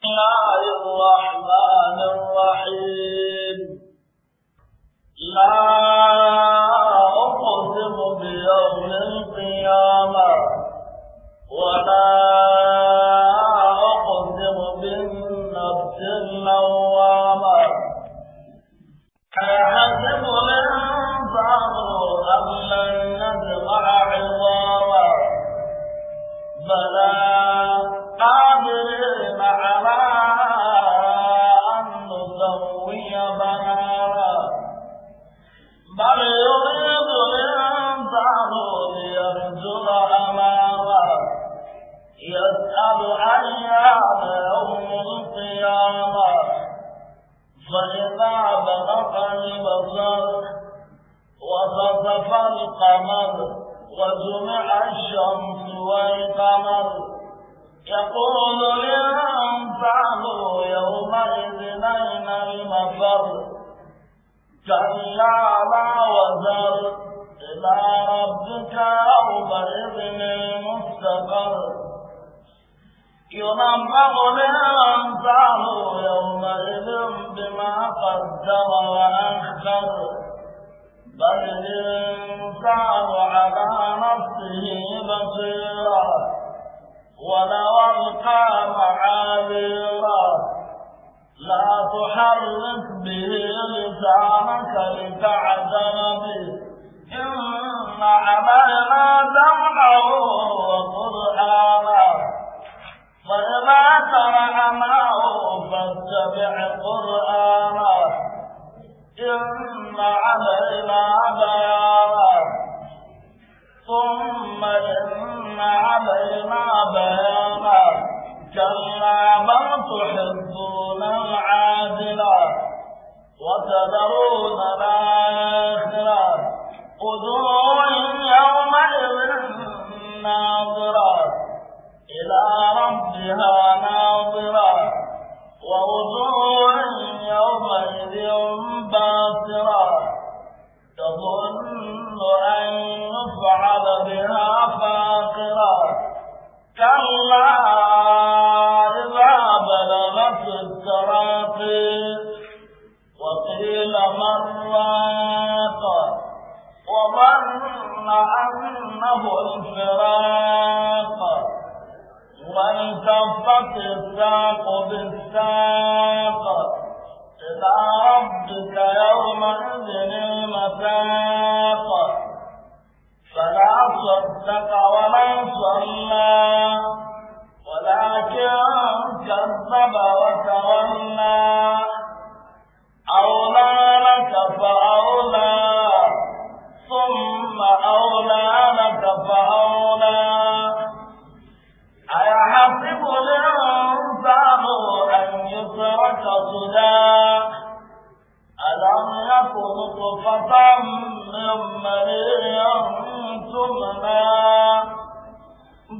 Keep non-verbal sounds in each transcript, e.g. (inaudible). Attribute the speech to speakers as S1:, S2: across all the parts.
S1: الله الرحمن
S2: الرحيم لا أقسم بيوم القيامة ولا وخسف القمر وجمع الشمس والقمر يقول فعلوا يومئذ أين المفر كلا لا وزر إلى ربك يومئذ المستقر ينبغ فعلوا يومئذ بما قدر وأخر بل الإنسان على نفسه بصيرا ولو ألقى معاذيرا لا تحرك به لسانك لتعزم به إن علينا جمعه وقرآنا فإذا قرأناه فاتبع قرآنا إن علينا بيانا ثم إن علينا بيانا كلا بل تحبون العاجلة وتذرون الآخرة وجوه يومئذ ناظرة إلى ربها ناظرة ووجوه يومئذ باسرة تظن أن يفعل بها فاقرة كلا إذا بلغت التراقي وقيل مرات وظن أنه الفراق والتفت الساق بالساق إلى ربك يومئذ المساق فلا صدق ومن صلى ولكن كذب وتولى أولى لك فأولى ثم أولى لك فأولى صدرك صدا ألم يكن طفة من مريء تمنى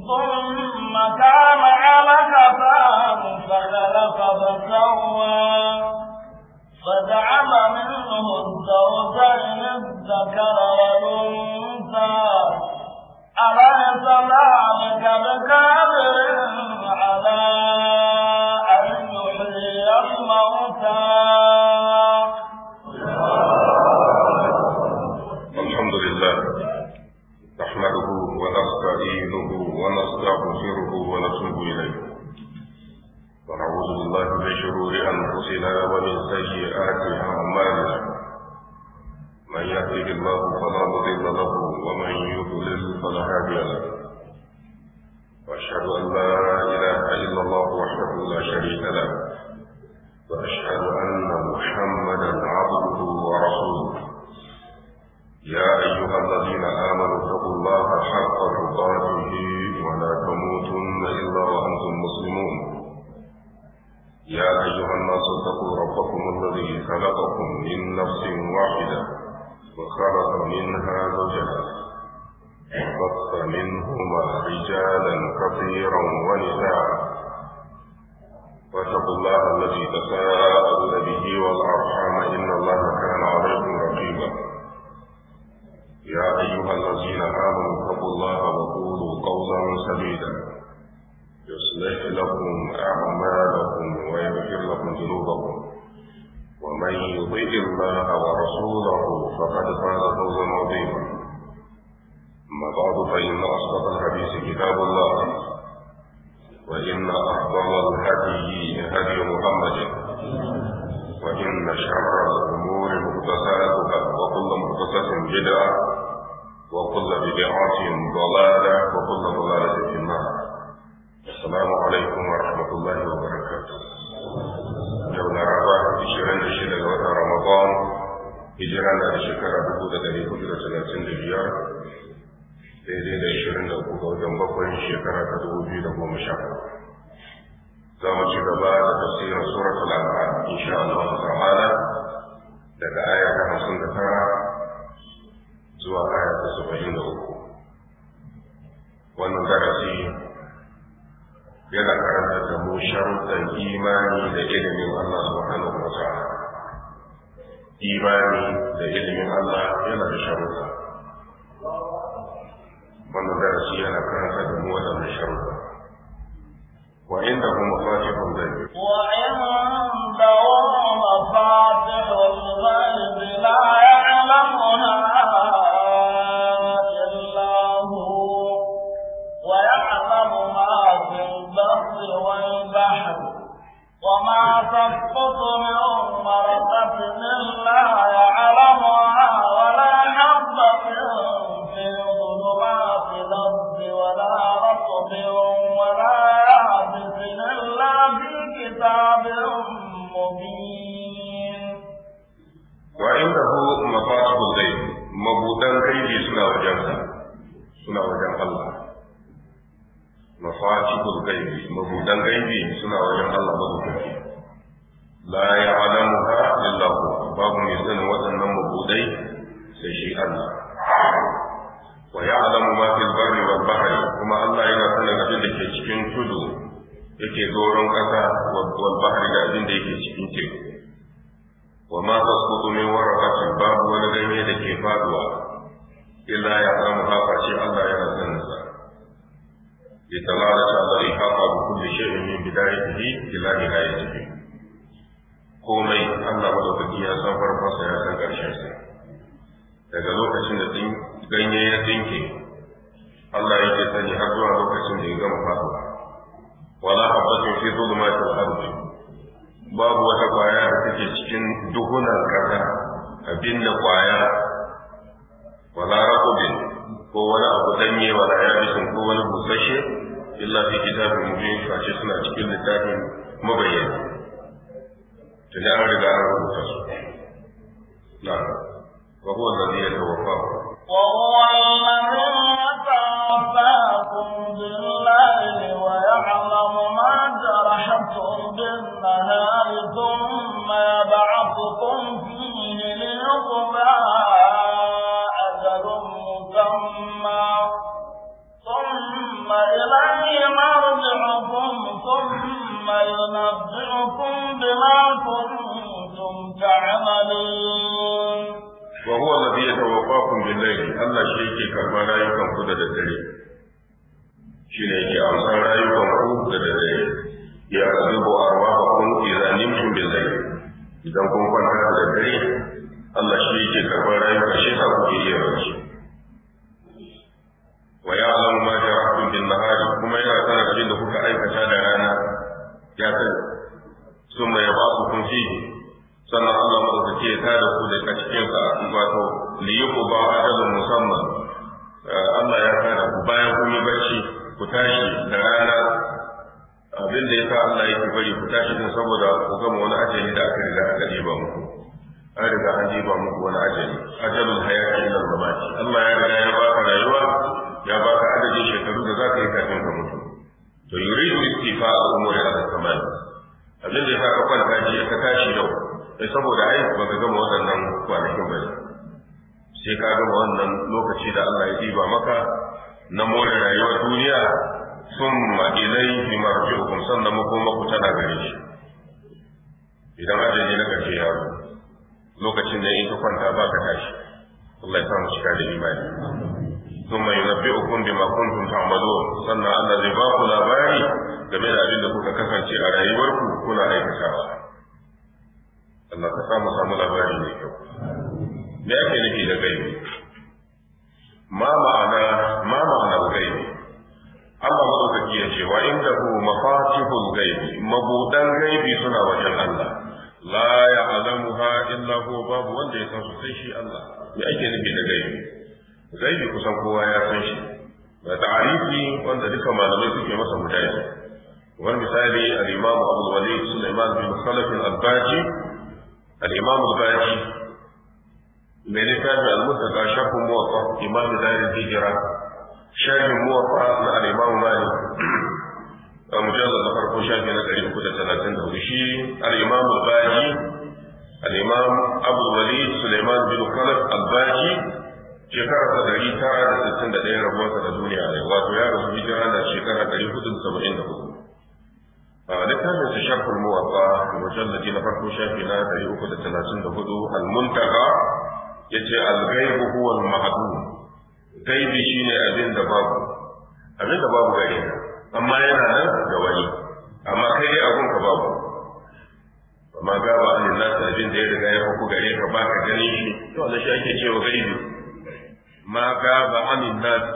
S2: ثم كان علقة فخلق فسوى فجعل منه الزوجين الذكر والأنثى أليس ذلك بكافر على
S1: الحمد لله نحمده ونستعينه إليه ونعوذ
S3: بالله من شرور أنفسنا ومن سيئات أعمالنا من الله فلا مضل له ومن يضلل فلا هادي له من نفس واحدة
S1: وخلق منها زوجها وبث منهما رجالا كثيرا ونساء
S3: واتقوا الله الذي تساءل به والأرحام إن الله كان عليكم
S1: رقيبا يا أيها الذين آمنوا اتقوا الله وقولوا قولا سديدا يصلح لكم أعمالكم
S3: ويغفر لكم ذنوبكم من يطيع الله ورسوله فقد فاز فوزا عظيما اما بعد فان اصدق الحديث كتاب الله وان افضل الهدي هدي محمد وان شر الامور محدثاتها وكل محدثه بدعه وكل بدعه ضلاله
S1: وكل ضلاله في النار السلام عليكم ورحمه ramadan hijira
S3: na da shekara dubu da dari hudu da talatin da biyar daidai da ashirin da uku ga wajen bakwai shekara ta dubu biyu da goma sha za mu ci gaba
S1: da tafsirin suratul an'am insha daga aya hamsin da tara zuwa da uku wannan darasi yana karanta da mu sharuɗan imani da ilimin Allah subhanahu wa ta'ala imani da ilimin Allah yana da sharuɗa wannan darasi
S3: yana karanta da mu waɗannan sharuɗa wa inda kuma fatihun zai
S2: wa inda wa fatihun zai la ya'lamuna وما تسقط من رحمة ولا في ظلمات ولا رطب ولا إلا في كتاب مبين
S1: وعنده
S3: الغيب مبودان غيبي سنا وجنسا الله مفاتح الغيب لا يعلمه la babu mai sanin waɗannan mabudai sai shi Allah wa alamu ma fil barri wal bahri kuma Allah yana sanin abin da ke cikin tudu yake doron ƙasa wal bahri da abin da yake cikin teku wa ma tasqutu min waraqatin babu wani ganye da ke faduwa illa alamu ha face Allah yana sanin sa لدلالة على الإحاطة بكل شيء من illa إلى نهايته komai Allah madaukaki ya san farkonsa ya san sa daga lokacin da ganye ya dinke Allah ya ce sani har zuwa lokacin da ya gama faɗuwa wala habbatin fi al ardi babu wata kwaya da take cikin duhunan kasa abin da kwaya wala raqabin ko wani abu danye wala yabisin ko wani busasshe illa fi kitabin mubin face suna cikin littafin mabayyana
S1: tuni an riga an rubuta su na wa huwa alladhi yatawaffakum
S2: وهو الذي يتوفاكم بالليل ويعلم ما جرحتم بالنهار ثم يبعثكم فيه ليقضى أجل مسمى ثم إليه مرجعكم ثم ينبئكم بما كنتم تعملون
S3: وهو الذي يتوفاكم بالليل الله شيء يكي كربا رايكم كدا ددري شيء يكي أمسان رايكم كدا ددري يعذب أرواحكم
S1: إذا نمتم بالليل إذا كنتم كنت ددري Allah shi yake karɓar rayuka shi sa kuke iya bacci wa ya alamu ma
S3: jarahtum bin nahari kuma yana sanar da kuka aikata da rana ya sani sun mai ba su kun fi sannan Allah madaukaki ya tada su da ka cikin sa wato liyuku ba ajalun musamman eh, Allah ya tada ku bayan kun yi bacci ku tashi da rana abin da ya sa Allah yake bari ku tashi din saboda ku gama wani ajali da aka riga aka ba muku an riga an ba muku wani ajali ajalul hayati ila al-mamati Allah ya riga ya ba ka rayuwa ya ba ka adadin shekaru da zaka yi kafin ka mutu to yuridu istifa a umuri ala kamal abin da ya saka kwanta ji ka tashi yau sai saboda ai ba ka gama wannan kwanakin ba sai ka gama wannan lokaci da Allah ya diba maka na more rayuwar duniya sun ilayhi marji'ukum sannan makomaku tana gare shi idan ne na kace ya lokacin da in kwanta ba ka tashi Allah ya samu cika da imani ثم ينبئكم بما كنتم تعملون sannan Allah zai ba ku labari game da abin da kuka kasance a rayuwarku kuna aikatawa Allah ka samu samu labari mai kyau me ما معنى da معنى ma ma'ana Allah madaukaki ya ce wa indahu mafatihul gaibi mabudan gaibi suna wajen Allah la ya'lamuha illa huwa babu wanda ya san su sai shi Allah me ake nufi da gaibi yi kusan kowa ya san shi da ta'arifi wanda duka malamai suke masa guda ne kamar misali al-imam Abu Walid Sulaiman bin Khalaf al-Abbaji al-imam al-Baji mai littafi al mutaka shafu muwaffa imam Zaid al jira sharhin muwaffa na al-imam Malik a mujallar na farko shafi na ɗari uku da talatin da hudu shi al-imam al-Baji al-imam Abu Walid Sulaiman bin Khalaf al-Baji shekara ta dari tara da sittin da ɗaya rabuwarsa da duniya ne wato ya rasu hijira na shekara ɗari hudu da saba'in da hudu littafin su sharhul wajen mujalladi na farko shafi na ɗari uku da talatin da hudu almuntaha ya ce algaibu huwa ma'adu gaibi shine abin da babu abin da babu gare amma yana nan ga wani amma kai dai abun ka babu amma gaba an nasa abin da ya riga ya faku gare ka ba ka gani shi to wannan shi ake cewa gaibi ma ba anin nasi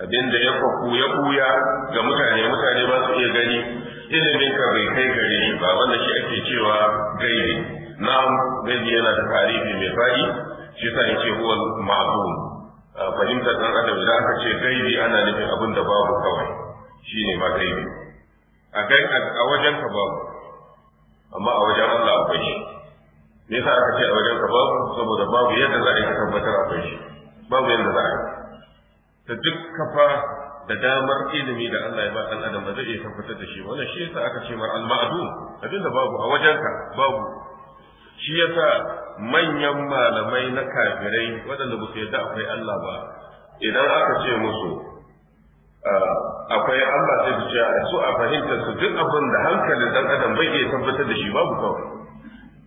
S3: abinda ya kwaku ya kuya ga mutane mutane ba su iya gani ilimin ka bai kai gari ba wanda shi ake cewa gaibi na'am gaibi yana da tarihi mai fa'i shi sa yake huwa ma'zum fahimtar dan adam idan aka ce gaibi ana nufin abin da babu kawai shine ma gaibi a wajen ka babu amma a wajen Allah akwai shi me yasa aka ce a wajen ka babu saboda babu yadda za a yi tabbatar akwai shi babu yadda za a yi ta duk kafa da damar ilimi da Allah ya ba dan adam ba zai iya tabbatar da shi wannan shi yasa aka ce mar al-ma'dum abinda babu a wajenka babu shi yasa manyan malamai na kafirai waɗanda ba su yarda akwai Allah ba idan aka ce musu ah, akwai Allah zai su a ah, su a fahimtar su duk abin da hankalin dan adam bai iya tabbatar da shi babu kawai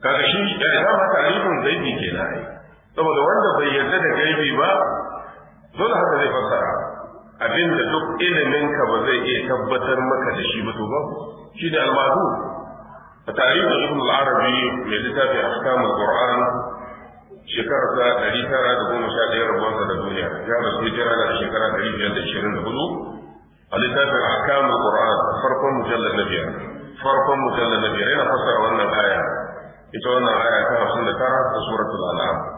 S3: kaga shi da eh, dama zai zaibi kenan ai saboda wanda bai yarda da gaibi ba dole haka zai fassara abinda duk ilimin ka ba zai iya tabbatar maka da shi ba to ba shi da almadu a tarihi da ibn al-arabi mai littafin ahkamul qur'an shekarar ta ɗari tara da goma sha ɗaya rabuwarsa da duniya ya rasu hijira da shekara ɗari biyar da ishirin da hudu a littafin ahkamul qur'an farkon mujallar na biyar farkon mujallar na biyar yana fassara wannan aya ita wannan aya ta hamsin da tara ta suratul an'am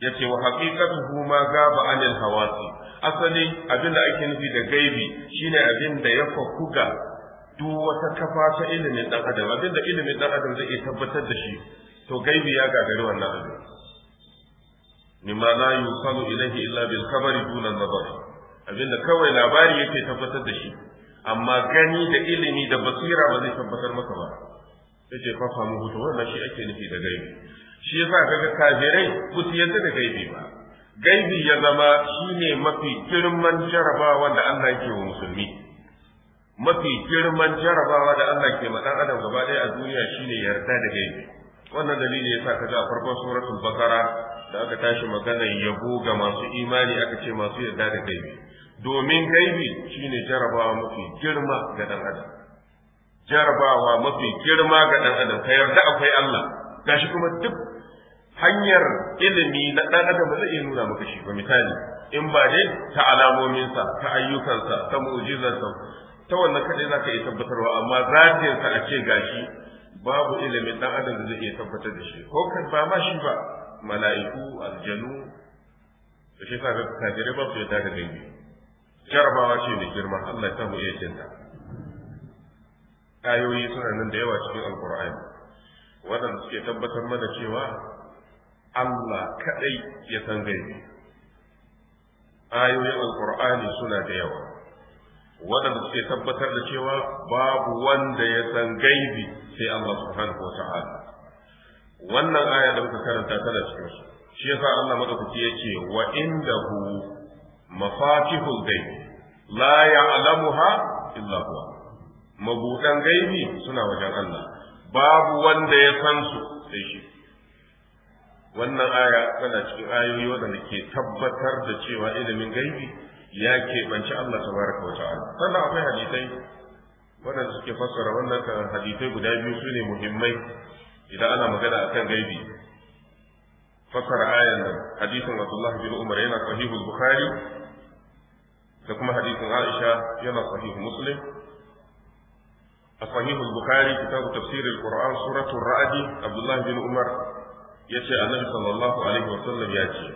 S3: yace wa haqiqatuhu ma gaba anil hawasi asali abin da ake nufi da gaibi shine abin da ya fakuga duk wata kafa ta ilimin dan adam abin da ilimin dan adam zai tabbatar da shi to gaibi ya gagari wannan abin mimma la yusalu ilayhi illa bil khabari duna nazari abin da kawai labari yake tabbatar da shi amma gani da ilimi da basira ba zai tabbatar maka ba yace fa famu to wannan shi ake nufi da gaibi shi yasa kaga kafirai ba su yadda da gaibi ba gaibi ya zama shine mafi girman jarabawa da Allah yake wa musulmi mafi girman jarabawa da Allah ke ma dan adam gaba ɗaya a duniya shine yarda da gaibi wannan dalili yasa kaga a farkon suratul bakara da aka tashi magana yabo ga masu imani aka ce masu yarda da gaibi domin gaibi shine jarabawa mafi girma ga dan adam jarabawa mafi girma ga dan adam ka yarda akwai Allah gashi kuma duk hanyar ilimi na ɗan adam zai iya nuna maka shi ba misali in ba dai ta alamominsa ta ayyukansa ta mu'jizarsa ta wannan kaɗai za ka iya tabbatarwa amma zatinsa a ce gashi babu ilimi ɗan adam da zai iya tabbatar da shi ko ba ma shi ba mala'iku aljanu da shi sa kafirai ba su yadda da gaibi jarabawa ce mai girma Allah ta mu iya cinta ayoyi suna nan da yawa cikin alkur'ani waɗanda suke tabbatar mana cewa Allah kadai ya san gaibi ayoyin alqur'ani suna da yawa waɗanda suke tabbatar da cewa babu wanda ya san gaibi sai Allah subhanahu wa ta'ala wannan aya da muka karanta tana cikin su shi yasa Allah madaukaki yace wa hu mafatihul gaibi la ya'lamuha illa huwa mabudan gaibi suna wajen Allah babu wanda ya san su sai shi wannan aya tana cikin ayoyi waɗanda ke tabbatar da cewa ilimin gaibi ya keɓanci Allah tabaraka wa ta'ala sannan akwai hadisai waɗanda suke fassara wannan hadisai guda biyu su ne muhimmai idan ana magana akan gaibi fassara ayan nan hadisin Abdullah bin Umar yana sahihul Bukhari da kuma hadisin Aisha yana sahihul Muslim a sahihul Bukhari kitabu tafsirul Qur'an suratul Ra'd Abdullah bin Umar yace annabi sallallahu alaihi wasallam ya ce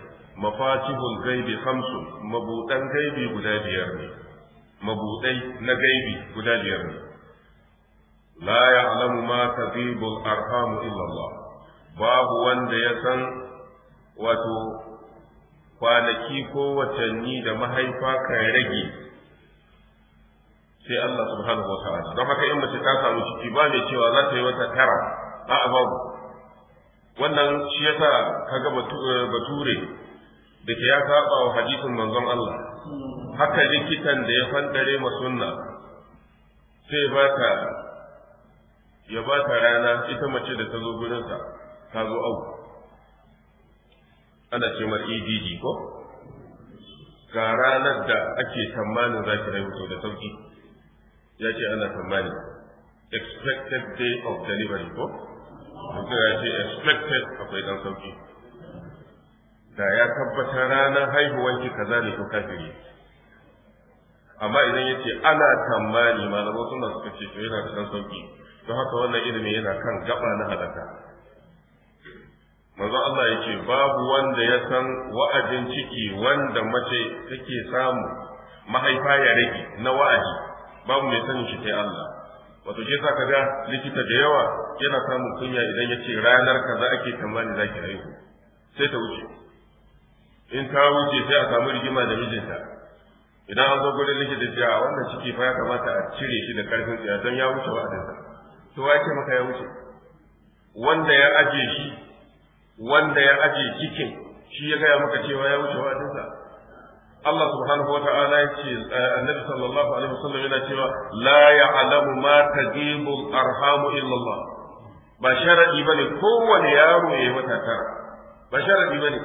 S3: mafatihul gaibi khamsu mabudan gaibi guda biyar ne mabudai na gaibi guda biyar ne la ya'lamu ma tadibul arham illa Allah babu wanda ya san wato kwanaki ko watanni da mahaifa kan rage sai Allah subhanahu wa ta'ala don haka in mace ta samu ciki ba mai cewa za ta yi wata tara a'a babu wannan shi yasa kaga eh, bature da ke ya saba wa hadisin manzon Allah haka likitan da ya fandare ma sunna sai ba ta ya ba ta rana ita mace da ta zo gurinsa ta zo au ana ce mar EDD ko ga ranar da ake tamani za ki rayu da sauki ya ce ana tamani expected day of delivery ko wanda ya ce expected akwai dan sauki da ya tabbatar ranar haihuwanki kaza ne ko kafiri amma idan ya ce ana tambani malamai suna suka ce yana da dan sauki don haka wannan ilimi yana kan gaba na halaka manzo Allah ya ce babu wanda ya san wa'adin ciki wanda mace take samu mahaifa ya rage na wa'adi babu mai sanin shi sai Allah wato shi yasa kaga likita da yawa yana samun kunya idan ya ce ranar ka za ake tamani ki haihu sai ta wuce in ta wuce sai a samu rigima da mijinta idan an zo gurin likita ce a wannan ciki fa ya kamata a cire shi da karfin tsaya don ya wuce wa'adinsa to wa yake maka ya wuce wanda ya aje shi wanda ya aje cikin shi ya gaya maka cewa ya wuce wa'adinsa Allah subhanahu wa ta'ala yake eh, annabi sallallahu alaihi wasallam yana cewa la ya'lamu ma tajibu arhamu illa Allah ba sharadi bane yaro yayi wata tara ba sharadi bane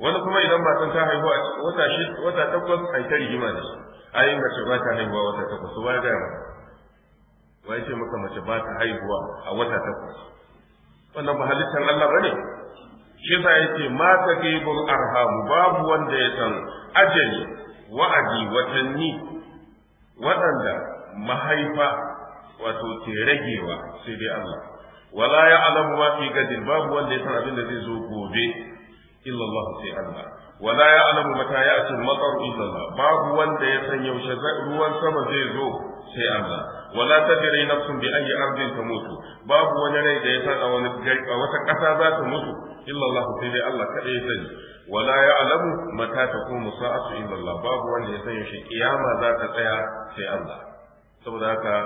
S3: wani kuma idan matan ta haihu a wata shi wata takwas ai ta rigima ne ai mace ba ta haihuwa wata takwas ba ga ba wai ce maka mace ba haihuwa a wata takwas wannan ba halittar Allah bane shi yasa yace ma taqibul arham babu wanda ya san ajali wa'adi watanni waɗanda mahaifa wato ke ragewa sai dai Allah wala alamu ma fi gadin babu wanda ya san abin da zai zo gobe illa Allah sai Allah wala alamu mata ya ce matar illa Allah babu wanda ya san yaushe ruwan sama zai zo sai Allah wala tadri nafsun bi ayyi ardin mutu? babu wani rai da ya san a wani a wata ƙasa za ta mutu illa Allah sai dai Allah kaɗai ya sani wala ya'lamu mata taqumu sa'atu illa Allah babu wanda ya san shi kiyama za ta tsaya sai Allah saboda haka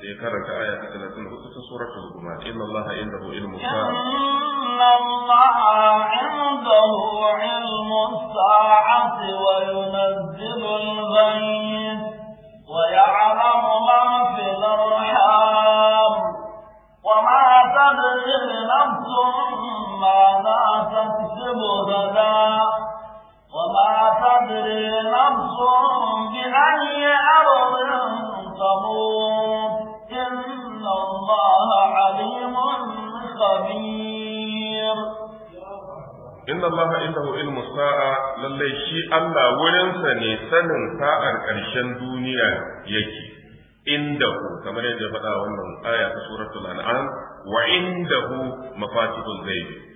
S3: sai karanta aya ta 34 ta suratul zumar inna indahu ilmu sa'a
S2: inna indahu ilmu sa'ati wa وما تدري نفس ماذا تكسب غدا وما تدري نفس بأي أرض تموت إن الله عليم خبير
S3: إن الله عنده علم الساعة للي شيء الله ورنسى نسان ساعة الكرشن دنيا يكي indahu kamar yadda faɗa آية سورة الأنعام وعنده an'am wa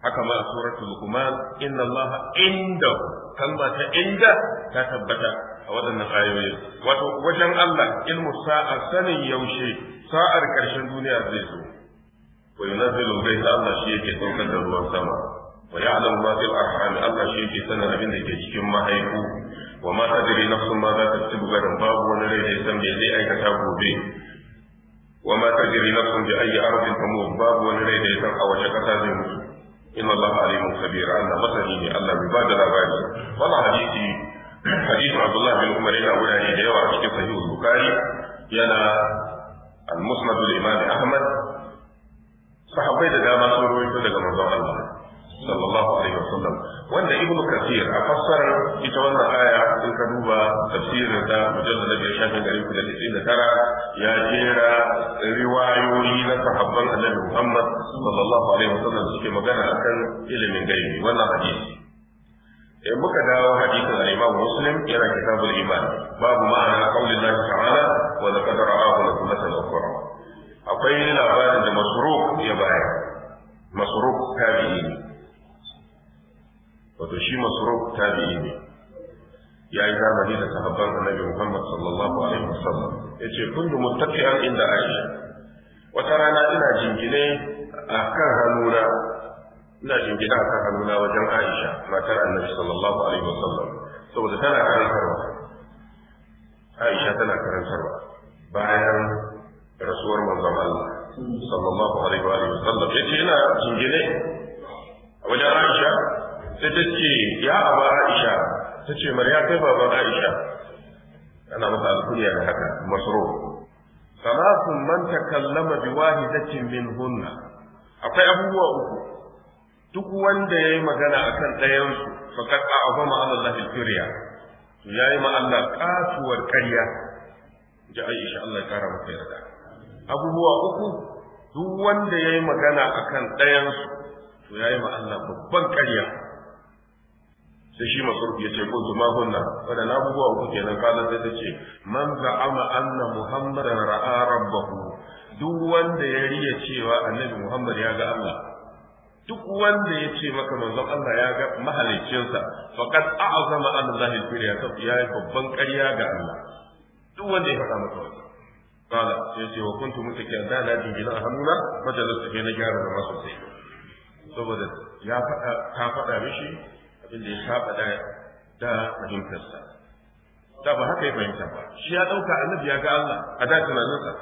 S3: haka ma suratul luqman inna allaha inda kalma ta inda ta tabbata a waɗannan ayoyin wato wajen Allah ilmu sa'a sanin yaushe sa'ar karshen duniya zai zo wa yunazzilu al-ghaytha Allah shi yake saukar da ruwan sama wa ya'lamu ma fil arham Allah shi yake sanin abin da ke cikin mahaifu wa ma tadri nafsun ma za ta kasibu garin babu wani rai da ya san me zai aikata gobe wa ma tajri nafsun bi ayyi ardin tamut babu wani rai da ya san a wace kasa zai mutu ان الله عليم خبير انا مثلي ان الله يبادر لاباني ولا حديثي حديث عبد الله بن عمر الى اولى هي ديوى صحيح البخاري ينا المسند الامام احمد صحابي دابا صوروا يتدقى الله عليه sallallahu alaihi wa sallam. wanda ibnu kathir a fassarar ita wannan aya in ka duba tafsirin da mujallad biyar shafin gari ku da tisin da tara ya jera riwayoyi na sahabban annabi muhammad sallallahu alaihi wa sallam. suke magana akan ilimin gaibi wannan hadisi in muka dawo hadisin al-Imam Muslim yana kitabul iman babu ma'ana qaulillahi ta'ala wa laqad ra'ahu lakumatan ukhra akwai labarin da masruq ya bayar masruq tabi'i wato shi masruf tabi'i ne ya yi zamani da sahabban annabi Muhammad sallallahu alaihi wasallam yace kuntu muttaqi'an inda Aisha wata rana ina jingine akan hannuna ina jingina akan hannuna wajen Aisha matar annabi sallallahu alaihi wasallam saboda tana karantarwa Aisha tana karantarwa bayan rasuwar manzon Allah sallallahu
S1: alaihi wa sallam yace ina jingine wajen Aisha sai ta
S3: ce ya abu aisha ta ce ya kai baban aisha ana masa alkuniya da haka masro salasun man kallama bi wahidatin min hunna akwai abubuwa uku duk wanda ya yi magana akan ɗayansu fakat a azama Allah al-kirya to yayi ma Allah kasuwar karya. ji Aisha Allah ya kara mata yarda abubuwa uku duk wanda yayi magana akan ɗayansu to yayi ma Allah babban karya. sai shi masruf ya ce kuntu ma hunna wanda na abubuwa uku kenan kana sai ta ce man ga ama anna muhammadan ra'a rabbahu duk wanda ya riya cewa annabi muhammad ya ga Allah duk wanda ya ce maka manzon Allah ya ga mahaliccinsa faqad a'zama an Allah al-firya ya yi babban ƙarya ga Allah duk wanda ya faɗa maka wannan kala sai ce wa kuntu mutakiyan da na jingina a hannuna majalisa ke na gyara da masu sai saboda ya faɗa ta faɗa mishi abin da ya saba da da fahimtarsa da ba haka ya fahimta ba shi ya dauka annabi ya ga Allah a da tunaninsa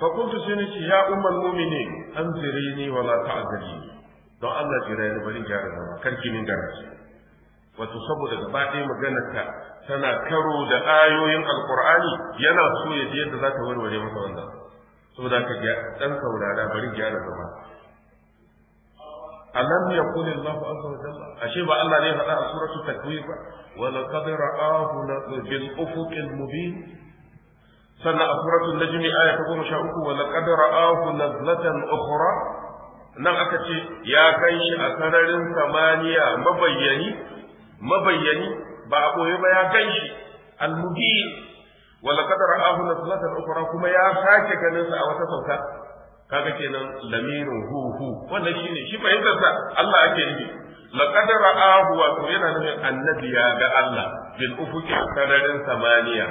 S3: fa kuntu sai ce ya ummul mu'minin anzirini wa la ta'zirini don Allah jira ni bari gyara zama ki min garanci wato saboda gaba ɗaya maganarka tana karo da ayoyin alqur'ani yana so ya ji yadda za ta warware masa wannan saboda ka dan saurara bari gyara zama alam yaqul Allah azza wa jalla ashe ba Allah ne faɗa a suratu takwir ba wa laqad ra'ahu bil ufuq al mubin sannan a suratul najmi aya ta goma sha uku wa laqad ra'ahu nazlatan ukhra nan aka ce ya kai shi a sararin samaniya mabayyani mabayyani ba a boye ba ya kai shi al mubin wa kuma ya sake ganinsa a wata sauka kaga kenan lamirin hu hu wannan shine shi fahimtar sa Allah ake yi. laqad ra'ahu wa yana nufin annabi ya ga Allah bil ufuqi sararin samaniya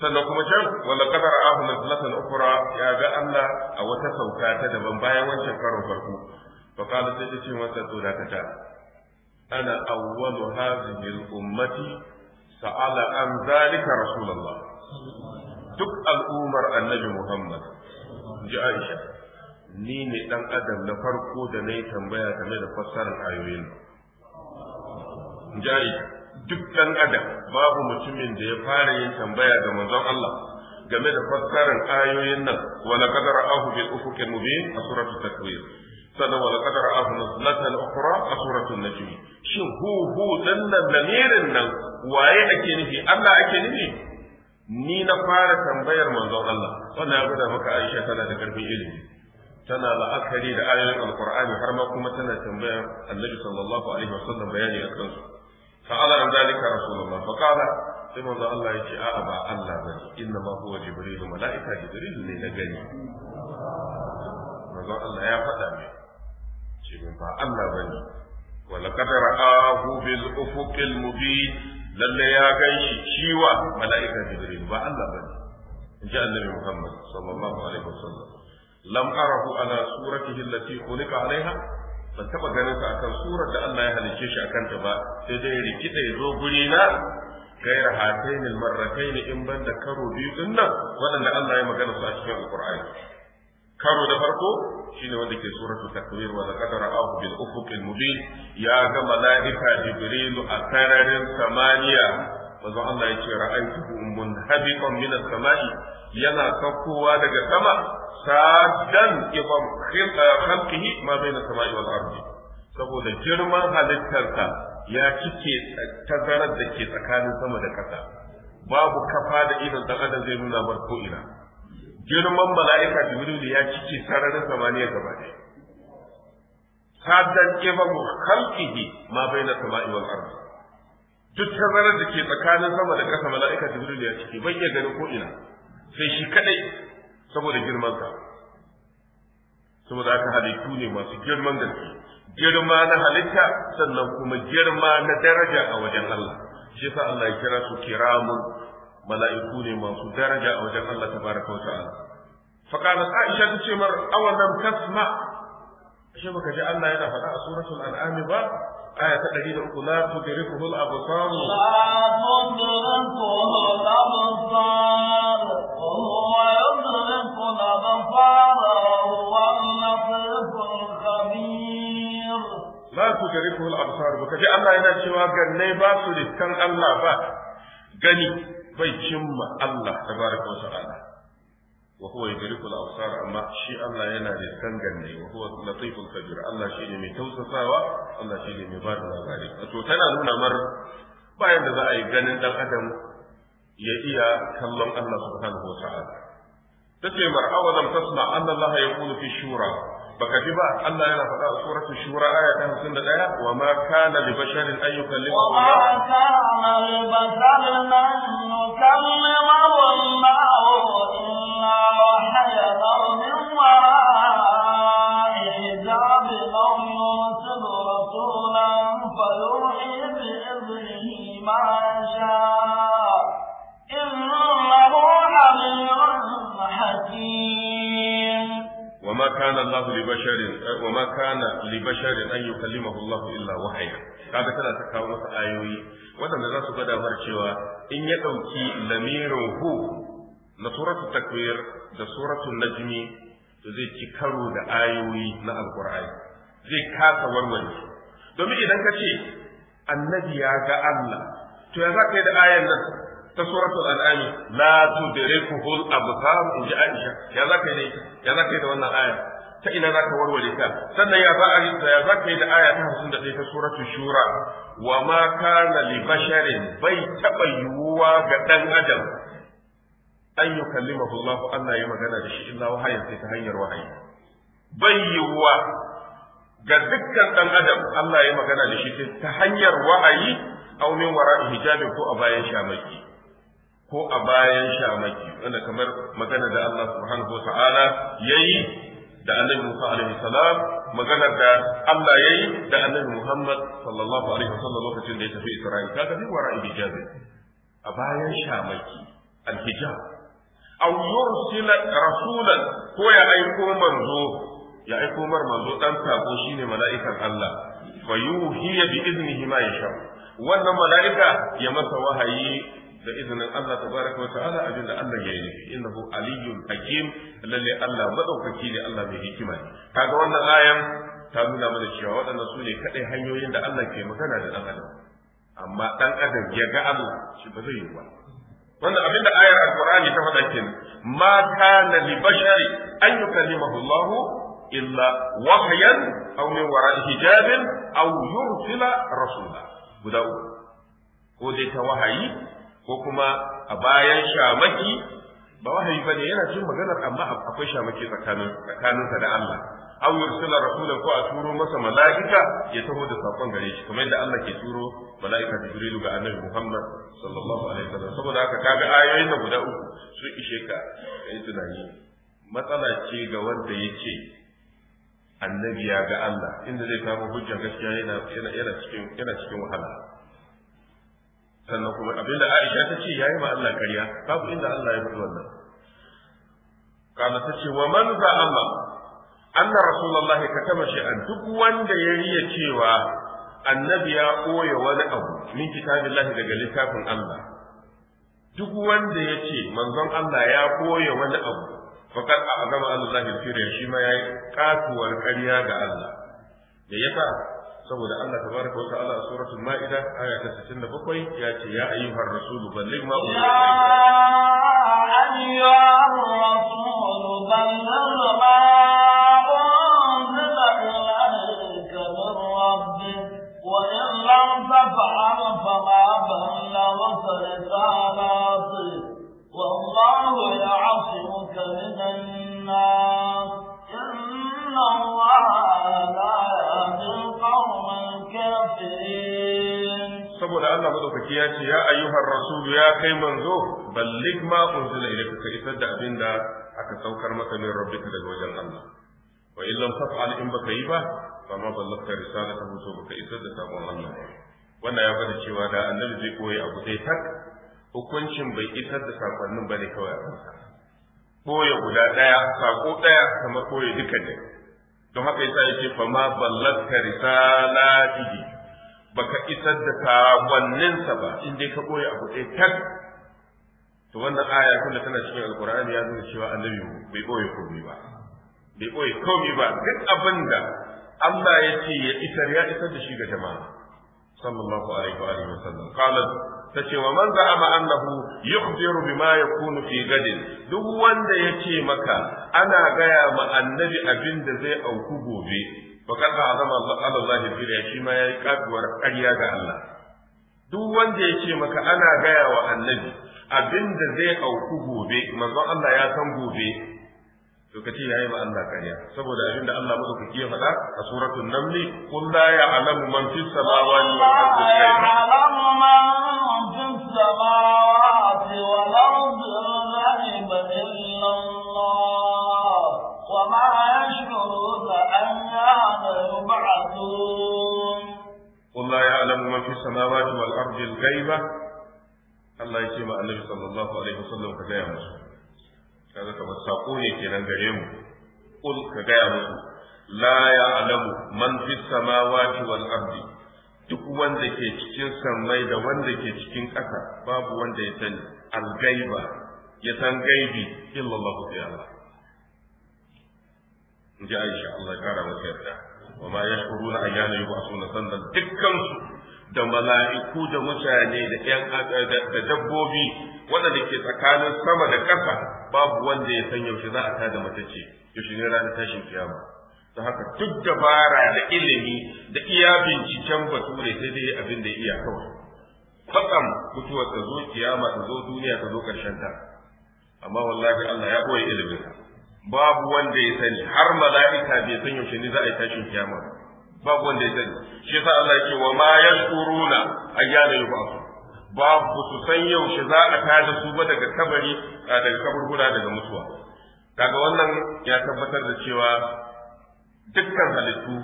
S3: sannan kuma can wala qadar ahu nazlatan ukhra ya ga Allah a wata sauka ta daban bayan wancan karon farko fa qala sai ta ce masa to da ta ana awwalu hadhihi al ummati sa'ala an zalika rasulullah duk al'ummar annabi Muhammad in ji Aisha ni ne dan adam na farko da na yi tambaya game da fassarar ayoyin in duk dan adam babu mutumin da ya fara yin tambaya ga manzon Allah game da fassarar ayoyin nan wala qadara ahu bil ufuq al mubin a suratu takwir sannan wala qadara ahu nazlatan ukhra a suratul najm shin hu hu dan nan lamirin nan waye ake nufi Allah ake nufi ni na fara tambayar manzon Allah wanda ya gwada maka Aisha tana da karfin ilimi tana la'akari da ayoyin alqur'ani har ma kuma tana tambayar annabi sallallahu alaihi wasallam bayani akan su fa'ala an zalika rasulullah fa qala sai manzo Allah ya ce a'a ba Allah bane inna ma huwa jibril malaika jibril ne na gani manzo Allah ya faɗa mai ce ba Allah bane wa laqad ra'ahu bil ufuqil mubin lalle ya ganshi ciwa mala'ika jibril ba Allah bane in ji annabi Muhammad sallallahu alaihi wasallam lam arahu ala suratihi allati khuliqa alaiha ban taba ganin sa akan surar da Allah ya halicce shi akan ta ba sai dai rikita ya zo guri na ni, hatainil ni, in banda karo biyu din nan waɗanda Allah ya magana su a cikin alqur'ani karo da farko shine wanda ke suratu takwir wa laqad ra'ahu bil ufuq al mubin ya ga malaika jibril a sararin samaniya manzon Allah yace ra'aytuhu habiqan min as-sama'i yana saukowa daga sama sadan ibam eh, khalqihi ma bayna samai wal ardi saboda girman halittarsa ya cike tazarar da ke tsakanin sama da ƙasa babu kafa da irin da adam zai nuna bar ko ina girman mala'ika jibril ya cike sararin samaniya gaba ɗaya sadan kibabu khalqihi ma baina sama'i wal ardi duk tazarar da ke tsakanin sama da ƙasa mala'ika jibril ya cike bai ya gani ko ina sai shi kadai saboda girman sa saboda aka halittu ne masu girman gaske girma na halitta sannan kuma girma na daraja a wajen Allah shi sa Allah ya kira su kiramun mala'iku ne masu daraja a wajen Allah ta baraka wa ta'ala faqala Aisha ta ce mar awalam tasma shi baka ji Allah yana faɗa a suratul an'am ba aya ta 103 la tudrikuhu al-absar la tudrikuhu
S2: al-absar huwa yudriku al-absar huwa al-latiful khabir
S3: la tudrikuhu al-absar baka ji Allah yana cewa ganne ba su riskan Allah ba gani bai cimma Allah ta tabaraka wa ta'ala wa huwa yudrikul absar amma shi Allah yana da sanganne wa huwa latiful kabir Allah shi ne mai tausasawa Allah shi ne mai ba da labari to tana nuna mar bayan da za a yi ganin dan adam ya iya kallon Allah subhanahu wa ta'ala tace mar awalam tasma anna Allah yaqulu fi shura baka ji ba Allah yana faɗa a suratul shura aya ta 51 wa ma kana li basharin an yukallimu wa ma
S2: kana li basharin an yukallimu Allah illa wahya min wara'i hijab aw yursil rasulan fayuhi bi idnihi ma yasha innahu alimun hakim
S1: وما
S3: كان الله لبشر وما كان لبشر ان يكلمه الله الا وحيا kaga tana ta kawo masa ayoyi waɗanda za su gwada mar cewa in ya ɗauki lamirin hu na suratu takwir da suratu najmi to zai ci karo da ayoyi na alqur'ani zai kasa warware domin idan ka ce annabi ya ga Allah to ya za ka yi da ayan nan ta suratul al'ami la tudrikuhu al-absar in ji Aisha ya zaka ne ya zaka yi da wannan aya ta ina zaka warware ka sannan ya za'a yi ya zaka yi da aya ta 51 ta suratul shura wa ma kana li basharin bai taba yuwa ga dan adam an yukallimahu Allah Allah ya magana da shi illa wahayin sai ta hanyar wahayi bai yuwa ga dukkan dan adam Allah ya magana da shi ta hanyar wahayi aw min wara'i hijabi ko a bayan shamaki ko a bayan shamaki wanda kamar magana da Allah subhanahu wa ta'ala yayi da annabi Musa alaihi salam magana da Allah yayi da annabi Muhammad sallallahu alaihi wasallam lokacin da ya tafi Isra'il kaga bi wara ijabi a bayan shamaki alhijab aw yursila rasulan ko ya aiko manzo ya aiko mar manzo dan sako shine mala'ikan Allah fa yuhiya bi idnihi ma yasha wannan mala'ika ya masa wahayi da izinin Allah tabaraka wa ta'ala abin da Allah ya yi innahu aliyyun hakim lalle Allah madaukaki ne Allah mai hikima ne kaga wannan ayan ta nuna mana cewa waɗannan su ne kadai hanyoyin da Allah ke magana da ɗan adam amma dan adam ya ga abu shi ba zai yi ba wannan abin da ayar alqur'ani ta faɗa kin ma kana li bashari an yukallimahu Allah illa wahyan aw min wara'i hijabin aw yursila rasula guda uku ko dai ta wahayi ko kuma a bayan shamaki ba wahayi bane yana cin maganar amma akwai shamaki tsakanin tsakaninsa da Allah aw yursila rasulan ko a turo masa mala'ika ya taho da sakon gare shi kamar yadda Allah ke turo mala'ika Jibril ga Annabi Muhammad sallallahu alaihi wasallam saboda haka kaga ayoyin da guda uku su ishe ka kai tunani matsala ce ga wanda yake annabi ya ga Allah inda zai samu hujja gaskiya yana cikin wahala sannan kuma abinda Aisha ta ce yayi ma Allah ƙarya babu inda Allah ya faɗi wannan kana ta ce wa man amma anna rasulullahi katama an duk wanda ya riya cewa annabi ya koya wani abu min kitabillahi daga littafin Allah duk wanda ya ce manzon Allah ya koya wani abu faqad a'zama Allah al-sirra shi ma yayi kasuwar ƙarya ga Allah me yasa saboda Allah tabaraka wa ta'ala a suratul ma'ida aya ta 67 yace ya ayyuhar rasul balligh ma ya
S2: ayyuhar rasul balligh ma unzila ilayka min rabbik wa in lam taf'al fama ballaghta risalatihi wallahu ya'simuka min an-nas inna Allah la yahdi
S3: saboda Allah madaukaki ya ce ya ayyuhar rasul ya kai manzo ballig ma unzila ilayka ka isar da abin da aka saukar maka min rabbika daga wajen Allah wa in lam taf'al in baka yi ba fa ma ballagta risalatahu to baka isar da sabon Allah wannan ya bada cewa da annabi zai koyi abu sai tak hukuncin bai isar da sakonnin bane kawai a kansa koya guda daya sako daya kamar koya duka ne don haka yasa yake fa ma ballagta risalati baka isar da sawanninsa ba in dai ka koya abu ɗaya tak to wannan aya da tana cikin alkur'ani ya nuna cewa annabi bai koyi komai ba bai koyi komai ba duk abin da Allah ya ce ya isar ya isar da shi ga jama'a sallallahu alaihi wa alihi sallam qalat tace wa man za'ama annahu yukhbiru bima yakunu fi gadin duk wanda yace maka ana gaya ma annabi abin da zai auku gobe bakar da azama Allah zahir ya shi ma yayi kaduwar ƙarya ga Allah duk wanda ya ce maka ana gaya wa annabi abinda zai auku gobe manzon Allah ya san gobe to kace yayi ma Allah ƙarya saboda abinda Allah madaukaki ya faɗa a suratul naml qul la ya'lamu man fis samawati
S2: wal man وما يشعرون أيان يبعثون والله
S3: يعلم من في السماوات والأرض الغيبة Allah ya ce ma annabi sallallahu alaihi wasallam ka gaya musu kaga kamar sako ne kenan gare mu kul ka gaya musu la man duk wanda ke cikin sammai da wanda ke cikin ƙasa babu wanda ya sani al-gaiba ya san gaibi illallahu ta'ala in ji Aisha Allah ya kara mata yarda wa ma yashkuruna ayyana yub'asuna sannan dukkan su da mala'iku da mutane da da dabbobi waɗanda ke tsakanin sama da ƙasa babu wanda ya san yaushe za a tada ce. yaushe ne ranar tashin kiyama ta haka duk dabara da ilimi da iya binciken bature sai dai abin da iya kawai kwatsam mutuwar ta zo kiyama ta zo duniya ta zo ƙarshen ta amma wallahi Allah ya ɓoye ilimin babu wanda ya sani har mala'ika bai san yaushe ne za a yi tashin kiyama babu wanda ya sani shi yasa Allah ya wa ma yashkuruna ayyana yub'asu babu su san yaushe za a tashi su ba daga kabari daga kaburbura daga mutuwa daga wannan ya tabbatar da cewa dukkan halittu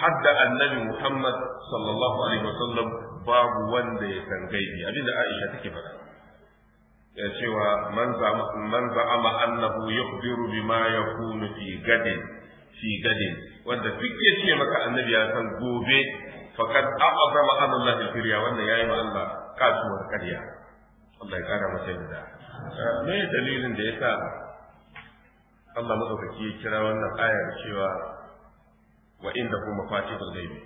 S3: hadda annabi Muhammad sallallahu alaihi wasallam babu wanda ya san gaibi abinda Aisha take faɗa cewa man za'ama annahu ma bima yakunu fi gadin fi gadin wanda duk ya ce maka annabi ya san gobe faqad a'zama an Allah al-firya wannan yayi ma Allah kasuwar karya Allah ya kara masa yadda me dalilin da yasa Allah madaukaki ya kira wannan ayar cewa wa inda kuma mafatihul ghaibi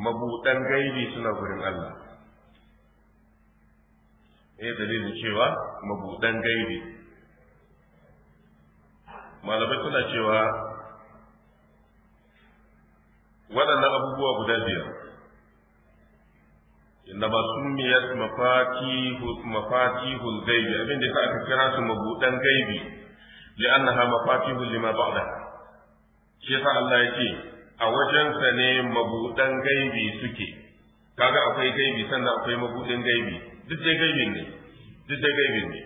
S3: mabudan gaibi suna gurin Allah eh dalilin cewa mabudan gaibi malamai suna cewa waɗannan abubuwa guda biyar inda innama sumiyat mafatihu mafatihul gaibi abin da aka kira su mabudan gaibi an ha li'annaha mafatihu lima da shi yasa Allah yake a wajensa ne mabudan gaibi suke kaga akwai gaibi sannan akwai mabudan gaibi duk dai gaibi ne duk dai gaibi ne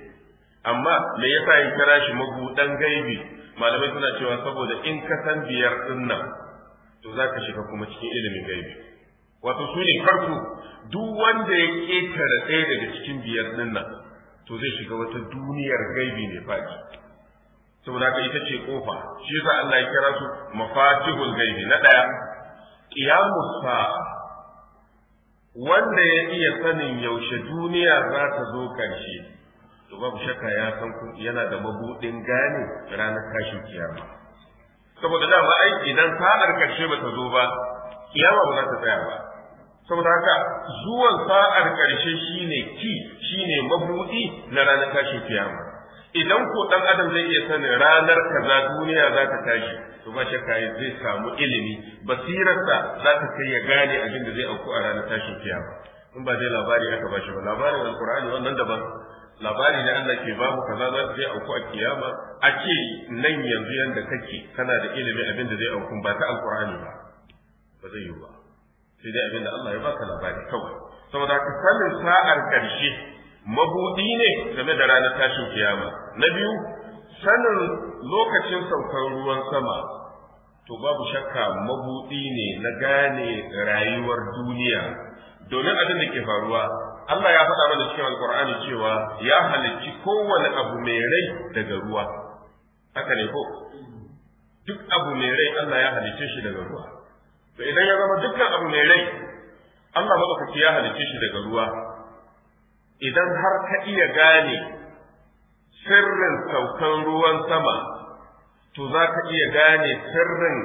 S3: amma me yasa in kira shi mabudan gaibi malamai suna cewa saboda in ka san biyar din nan to zaka shiga kuma cikin ilimin gaibi wato su ne duk wanda ya ketare ɗaya daga cikin biyar din nan to zai shiga wata duniyar gaibi ne faɗi saboda haka ita ce kofa shi yasa Allah ya kira su mafatihul gaibi na ɗaya qiyamus sa'a wanda ya iya sanin yaushe duniya za ta zo ƙarshe to babu shakka ya san yana da mabuɗin gane ranar tashin kiyama saboda dama ai idan sa'ar ƙarshe ba ta zo ba kiyama ba za ta tsaya ba saboda haka zuwan sa'ar ƙarshe shine ki shine mabuɗi na ranar tashin kiyama idan ko dan adam zai iya sanin ranar kaza duniya za ta tashi to ba shakka zai samu ilimi basirarsa za ta kai ya gane abin da zai auku a ranar tashin kiyama in ba zai labari aka ba shi ba labarin alkur'ani wannan daban labari da Allah ke babu kaza za zai auku a kiyama a ce nan yanzu yanda kake kana da ilimi abin da zai auku ba ta alkur'ani ba ba zai yi ba sai dai abin da Allah ya baka labari kawai saboda ka sanin sa'ar karshe mabudi ne game da ranar tashin kiyama na biyu sanin lokacin saukar ruwan sama to babu shakka mabuɗi ne na gane rayuwar duniya domin abin da ke faruwa Allah ya faɗa mana cikin alkur'ani cewa ya halicci kowane abu mai rai daga ruwa haka ne ko duk abu mai rai Allah ya halicce shi daga ruwa to idan ya zama dukkan abu mai rai Allah madaukaki ya halicce shi daga ruwa idan har ka iya gane sirrin saukan ruwan sama to za ka iya gane sirrin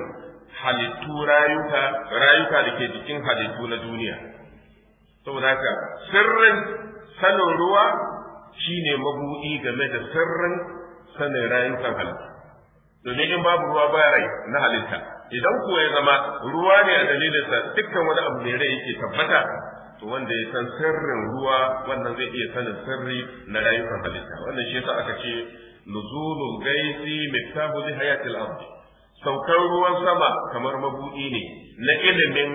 S3: halittu rayuka rayuka da ke jikin halittu na duniya saboda haka sirrin sanin ruwa shine mabuɗi game da sirrin sanin rayukan halittu domin in babu ruwa ba rai na halitta idan kuwa ya zama ruwa ne a dalilinsa dukkan wani abu mai rai yake tabbata to wanda ya san sirrin ruwa wannan zai iya sanin sirri na rayukan halitta wannan shi yasa aka ce nuzulul gaisi miftahu li hayatil ard saukar ruwan sama kamar mabudi ne na ilimin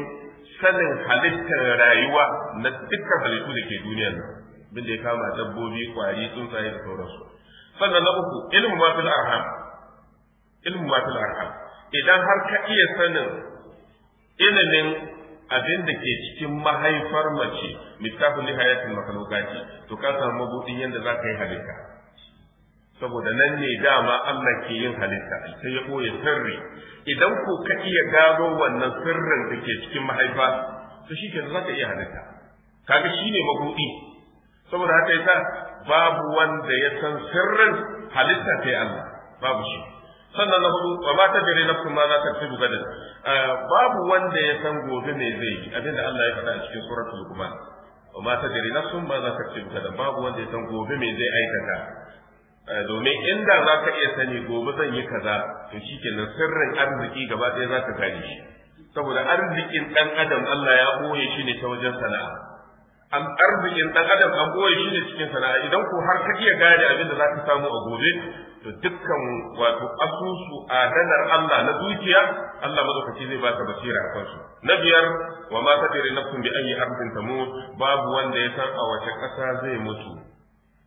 S3: sanin halittar rayuwa na dukkan halittu da ke duniyar nan bin da ya kama dabbobi kwari tsuntsaye da sauransu sannan na uku ilmu ma fil arham ilmu ma fil arham idan har ka iya sanin ilimin abin da ke cikin mahaifar mace miskafin li hayatin to ka samu mabudin yadda za ka yi halitta saboda nan ne dama Allah ke yin halitta sai ya ɓoye sirri idan ko ka iya gano wannan sirrin da ke cikin mahaifa to shi ke za ka iya halitta kaga shi ne mabudi saboda haka yasa babu wanda ya san sirrin halitta sai Allah babu shi sannan na hudu wa ma jere nafsu ma za ta tsibu gadan ah, babu wanda ya san gobe me zai yi abinda Allah ya faɗa a cikin suratul lukman wa ma jere nafsu ma za ta tsibu gadan babu wanda ya san gobe me zai aikata ah, domin inda za ka iya sani gobe zan yi kaza to shikenan sirrin arziki gaba ɗaya za ka gane shi saboda arzikin ɗan adam Allah ya ɓoye shi ne ta wajen sana'a an arzikin ɗan adam an ɓoye shi ne cikin sana'a idan ko har ka iya gane abin da za ka samu a gobe to dukkan wato asusu adanar Allah na dukiya Allah mazaukaci zai ba ta basira akan su na biyar wa ma tadri nafsun bi ayi ardin tamut babu wanda ya san a wace ƙasa zai mutu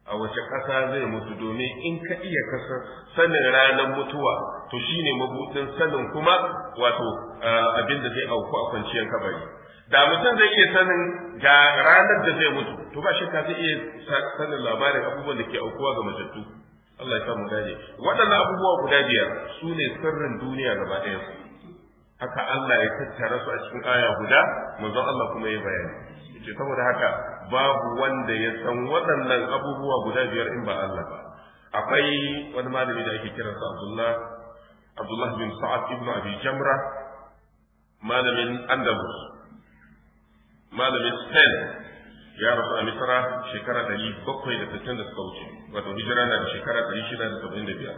S3: a wace ƙasa zai mutu domin in ka iya kasa sanin ranar mutuwa to shine mabudin sanin kuma wato abin da zai auku a kwanciyar kabari da mutum zai iya sanin ga ranar da zai mutu to ba ka zai iya sanin labarin abubuwan da ke aukuwa ga matattu Allah ya mu gane waɗannan abubuwa guda biyar su ne sirrin duniya gaba ɗaya haka Allah ya tattara su a cikin aya guda manzo Allah kuma ya bayani yace saboda haka babu wanda ya san waɗannan abubuwa guda biyar in ba Allah ba akwai wani malami da ake kiransa Abdullah Abdullah bin Sa'ad ibn Abi Jamra malamin Andalus malamin Spain ya rasu a misra shekara ɗari bakwai da sittin da suka wuce wato hijira na da shekara ɗari shida da saba'in da biyar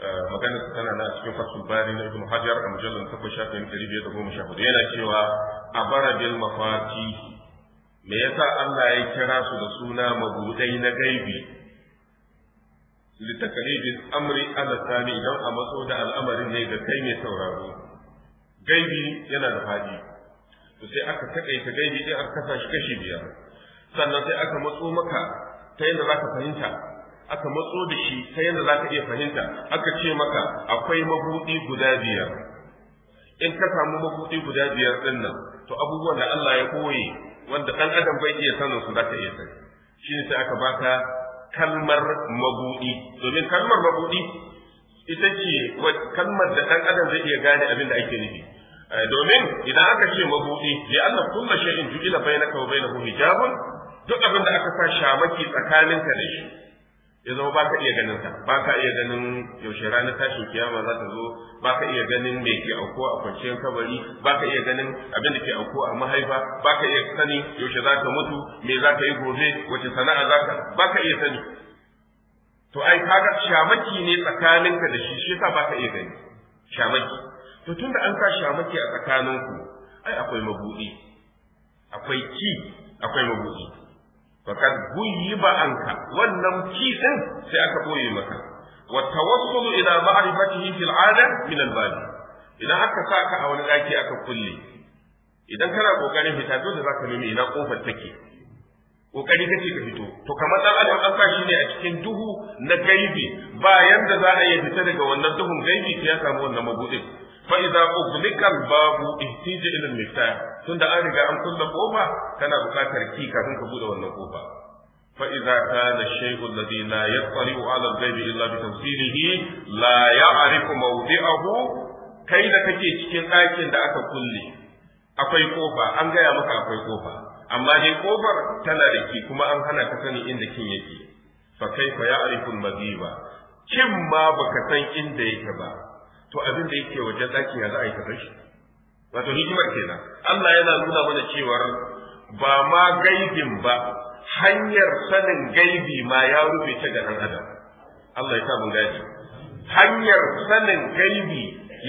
S3: eh, maganar su tana na cikin fasul bari na ibn hajar a mujallar takwas shafin ɗari biyar da goma sha hudu yana cewa a bara bil mafaki me yasa Allah ya kira su da suna mabudai na gaibi litakalibin amri ala sami idan a matso da al'amarin ne da kai mai sauraro gaibi yana da fadi to sai aka takaita gaibi din aka kasa shi kashi biyar sannan sai aka matso maka ta yadda za ka fahimta aka matso da shi ta yadda za ka iya fahimta aka ce maka akwai mabuɗi guda biyar in ka samu mabuɗi guda biyar ɗin nan to abubuwan da Allah ya koye wanda ɗan adam bai iya sanin su za ka iya sani shi ne sai aka baka kalmar mabuɗi domin kalmar mabuɗi ita ce kalmar da ɗan adam zai iya gane abin da ake nufi Eh, domin idan aka ce mabudi ya anna kullu shay'in ju'ila bainaka wa bainahu hijab duk abin da aka sa shamaki tsakaninka da shi ya zama ba ka iya ganin sa ba ka iya ganin yaushe ranar tashin kiyama za ta zo ba ka iya ganin me ke auko a kwanciyar kabari ba ka iya ganin abin da ke auko a mahaifa ba ka iya sani yaushe za ka mutu me za ka yi gobe wace sana'a za ka ba ka iya sani to ai kaga shamaki ne tsakaninka da shi shi yasa ba ka iya gani shamaki to tun da an sa shamaki a tsakaninku ai akwai mabuɗi akwai ki akwai mabuɗi fakat guyi ba anka wannan ki din sai aka boye maka wa tawassulu ila ma'rifatihi fil 'ada min al idan aka saka a wani daki aka kulle idan kana kokarin fita dole zaka nemi ina kofar take kokari kake ka fito to kamar dan adam an shi ne a cikin duhu na gaibi bayan da za a iya fita daga wannan duhun gaibi sai ya samu wannan mabudin fa idza ughliqa babu ihtija ila al-miftah tunda an riga an kulle kofa kana buƙatar ki kafin ka bude wannan kofa fa idza kana shay'u alladhi la yattali'u 'ala al-ghaibi illa bi tafsilihi la ya'rifu mawdi'ahu kai da kake cikin ɗakin da aka kulle akwai kofa an gaya maka akwai kofa amma dai kofar tana da ki kuma an hana ka sani inda kin yake fa kaifa ya'rifu al-madhiba kin ma baka san inda yake ba to abin da yake wajen daki ya za a yi ta shi wato hikimar kenan Allah yana nuna mana cewar ba ma gaibin ba hanyar sanin gaibi ma ya rufe ta ga ɗan adam Allah ya sa mun gaji hanyar sanin gaibi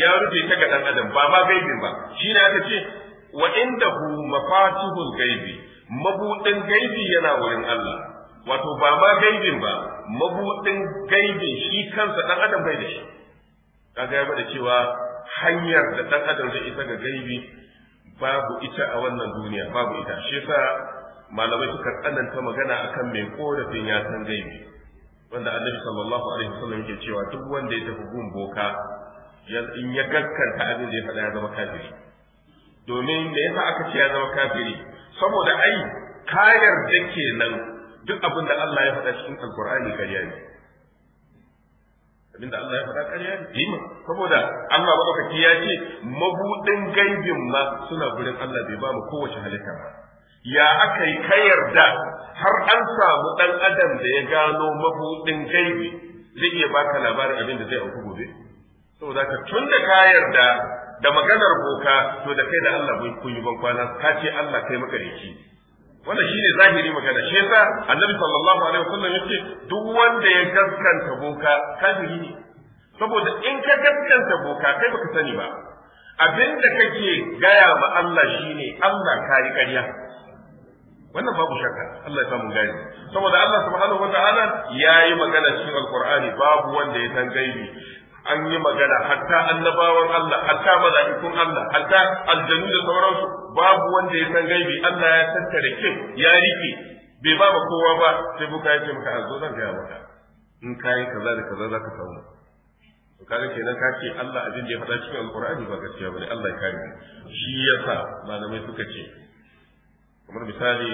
S3: ya rufe ta ga ɗan adam ba ma gaibin ba shi ne aka ce wa hu mafatihul gaibi mabudin gaibi yana wurin Allah wato ba ma gaibin ba mabudin gaibin shi kansa ɗan adam bai da shi kaga ya bada cewa hanyar da dan adam zai isa ga gaibi babu ita a wannan duniya babu ita shi yasa malamai suka tsananta magana akan mai korafin ya san gaibi wanda annabi sallallahu alaihi wasallam yake cewa duk wanda ya tafi gun boka in ya gaskanta abin da ya faɗa ya zama kafiri domin da yasa aka ce ya zama kafiri saboda ai kayar da nan, duk abin da Allah ya faɗa cikin alkur'ani kariya ne abinda Allah ya faɗa ƙarya ne yi saboda Allah madaukaki ya ce mabuɗin gaibin ma suna gurin Allah bai ba mu kowace halitta ba ya aka yi ka yarda har an samu ɗan adam da ya gano mabuɗin gaibi zai iya baka labarin abin da zai auku gobe saboda ka tun da ka yarda da maganar boka to da kai da Allah kun yi ban kwana ka ce Allah kai riki. wannan shine zahiri magana shi yasa annabi sallallahu alaihi wasallam yace duk wanda ya gaskanta boka kafiri ne saboda in ka gaskanta boka kai baka sani ba Abinda kake gaya ma Allah shine Allah kayi ƙarya wannan babu shakka Allah ya samu gani saboda Allah subhanahu wataala yayi magana cikin alqur'ani babu wanda ya san gaibi an yi magana hatta annabawan Allah hatta mala'ikun Allah hatta aljanu da sauransu babu wanda ya san gaibi Allah ya tattare kin ya rike bai ba ma kowa ba sai buka ya ce maka zan gaya maka in kayi kaza da kaza zaka samu to kaga kenan ka ce Allah abin da ya faɗa cikin alqur'ani ba gaskiya bane Allah ya kare shi yasa malamai suka ce kamar misali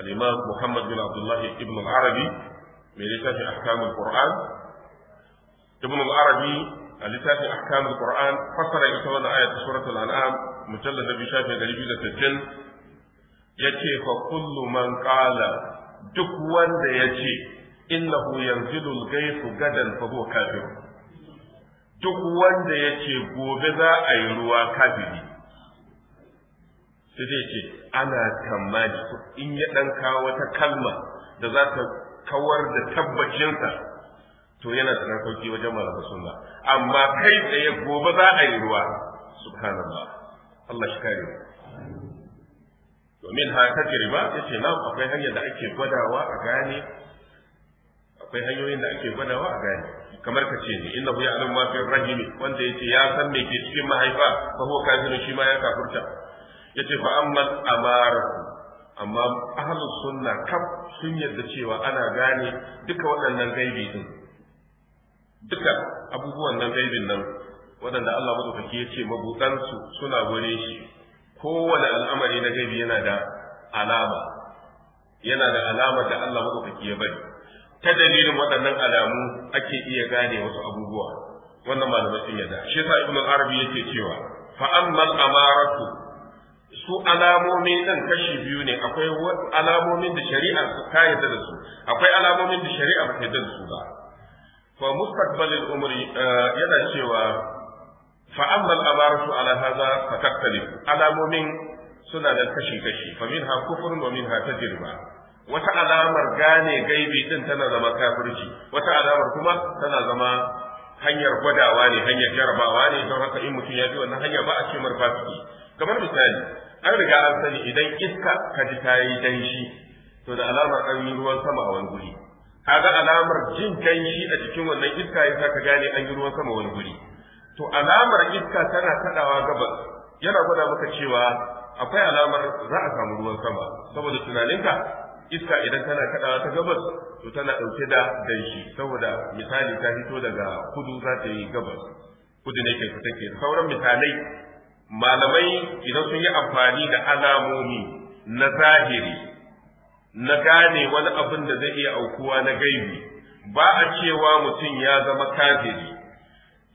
S3: al-imam Muhammad bin Abdullah ibn al-Arabi mai littafin ahkamul Qur'an ibn al-arabi a littafin ahkamul qur'an fassara ita wannan ayat suratul an'am mujallad nabi shafi 260 yace fa kullu man duk wanda yace innahu yanzilu al-ghaythu gadan fa huwa kafir duk wanda yace gobe za a yi ruwa kafiri sai dai ce ana tamani in ya ɗanka wata kalma da za ta kawar da tabbacinsa to yana da sauki wajen malaman sunna amma kai tsaye gobe za a yi ruwa subhanallah Allah shi kare domin ha ta riba yace na akwai hanyar da ake gwadawa a gane akwai hanyoyin da ake gwadawa a gane kamar ka ce ne innahu ya'lamu ma fi rahimi wanda yace ya san me ke cikin mahaifa fa huwa kafiru shi ma ya kafurta yace fa amma amar amma ahlus sunna kaf sun yarda cewa ana gane duka waɗannan gaibi din duka abubuwan nan gaibin nan waɗanda Allah madaukaki ya ce mabuɗansu suna gure shi kowane al'amari na gaibi yana da alama yana da alama da Allah madaukaki ya bari ta dalilin waɗannan alamu ake iya gane wasu abubuwa wannan malamin sun yarda shi yasa ibnu arabi yake cewa fa ammal amaratu su alamomi nan kashi biyu ne akwai alamomin da shari'a ta yarda da su akwai alamomin da shari'a ba ta yarda da su ba fa mustaqbalil umri eh, yana cewa fa amma al-amaratu ala hadha fa alamomin suna da kashi kashi fa wata alamar gane gaibi din tana zama kafirci wata alamar kuma tana zama hanyar gwadawa ne hanyar jarabawa ne don haka in mutum ya bi wannan hanya ba a ce mar fasiki kamar misali an riga an sani idan iska ka ji ta yi danshi to da alamar an yi ruwan sama a wani guri kaga alamar jin kanshi a cikin wannan iska yin ka gane an yi ruwan sama wani guri to alamar iska tana kadawa gabas yana gwada maka cewa akwai alamar za a samu ruwan sama saboda tunaninka iska idan tana kadawa ta gabas to tana dauke da danshi saboda misali ta fito daga kudu za ta yi gabas kudu ne ke fita ke sauran misalai malamai idan sun yi amfani da alamomi na zahiri na gane wani abin da zai iya aukuwa na gaibi ba a cewa mutum ya zama kafiri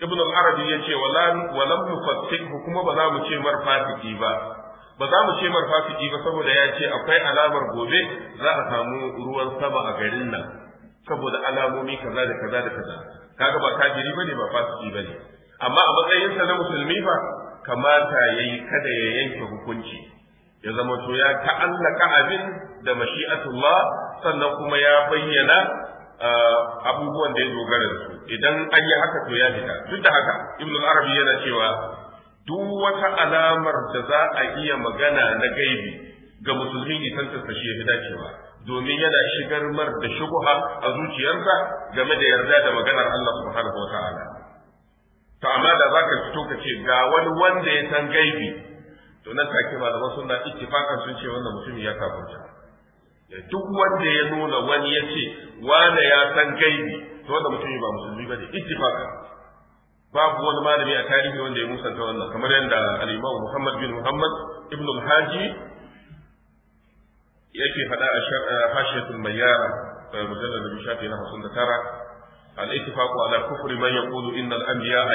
S3: ibn al-arabi ya ce walam yufassihu kuma ba za mu ce mar fasiki ba ba za mu ce mar fasiki ba saboda ya ce akwai alamar gobe za a samu ruwan sama a garin nan saboda alamomi kaza da kaza da kaza kaga ba kafiri bane ba fasiki bane amma a matsayinsa na musulmi fa kamata yayi kada ya yanke hukunci ya zama to ya ta'allaka abin da mashi'atullah sannan kuma ya bayyana abubuwan da ya dogara da su idan an yi haka to ya fita duk da haka ibnu arabi yana cewa duk wata alamar da za a iya magana na gaibi ga musulmi isan ta shi ya fi dacewa domin yana shigar mar da shubuha a zuciyarsa game da yarda da maganar Allah subhanahu wa ta'ala to amma da zaka fito ka ce ga wani wanda ya san gaibi to nan take malaman sunna ittifaqan sun ce wannan mutum ya kafirta duk wanda ya nuna wani yace ce ya san gaibi to wanda mutum ba musulmi bane ittifaqan babu wani malami a tarihi wanda ya musanta wannan kamar yadda al-Imam Muhammad bin Muhammad ibn al-Haji yake faɗa a hashiyatul mayyara da eh, bi shafi na 59 الاتفاق على كفر من يقول إن الأنبياء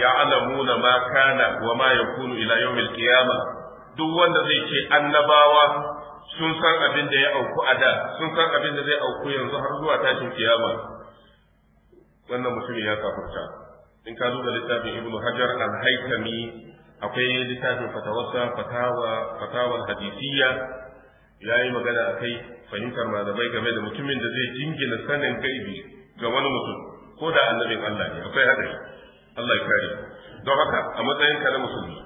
S3: يعلمون ما كان وما يكون إلى يوم القيامة Duk wanda zai ce annabawa sun san abin da ya auku a da sun san abin da zai auku yanzu har zuwa tashin kiyama wannan mutumin ya kafurta in ka da littafin ibnu hajar al haitami akwai littafin fatawarsa fatawa fatawar hadisiyya ya yi magana akai fahimtar malamai game da mutumin da zai jingina sanin gaibi ga wani mutum ko da annabin Allah ne akwai hadari Allah ya kare don haka a matsayin ka na musulmi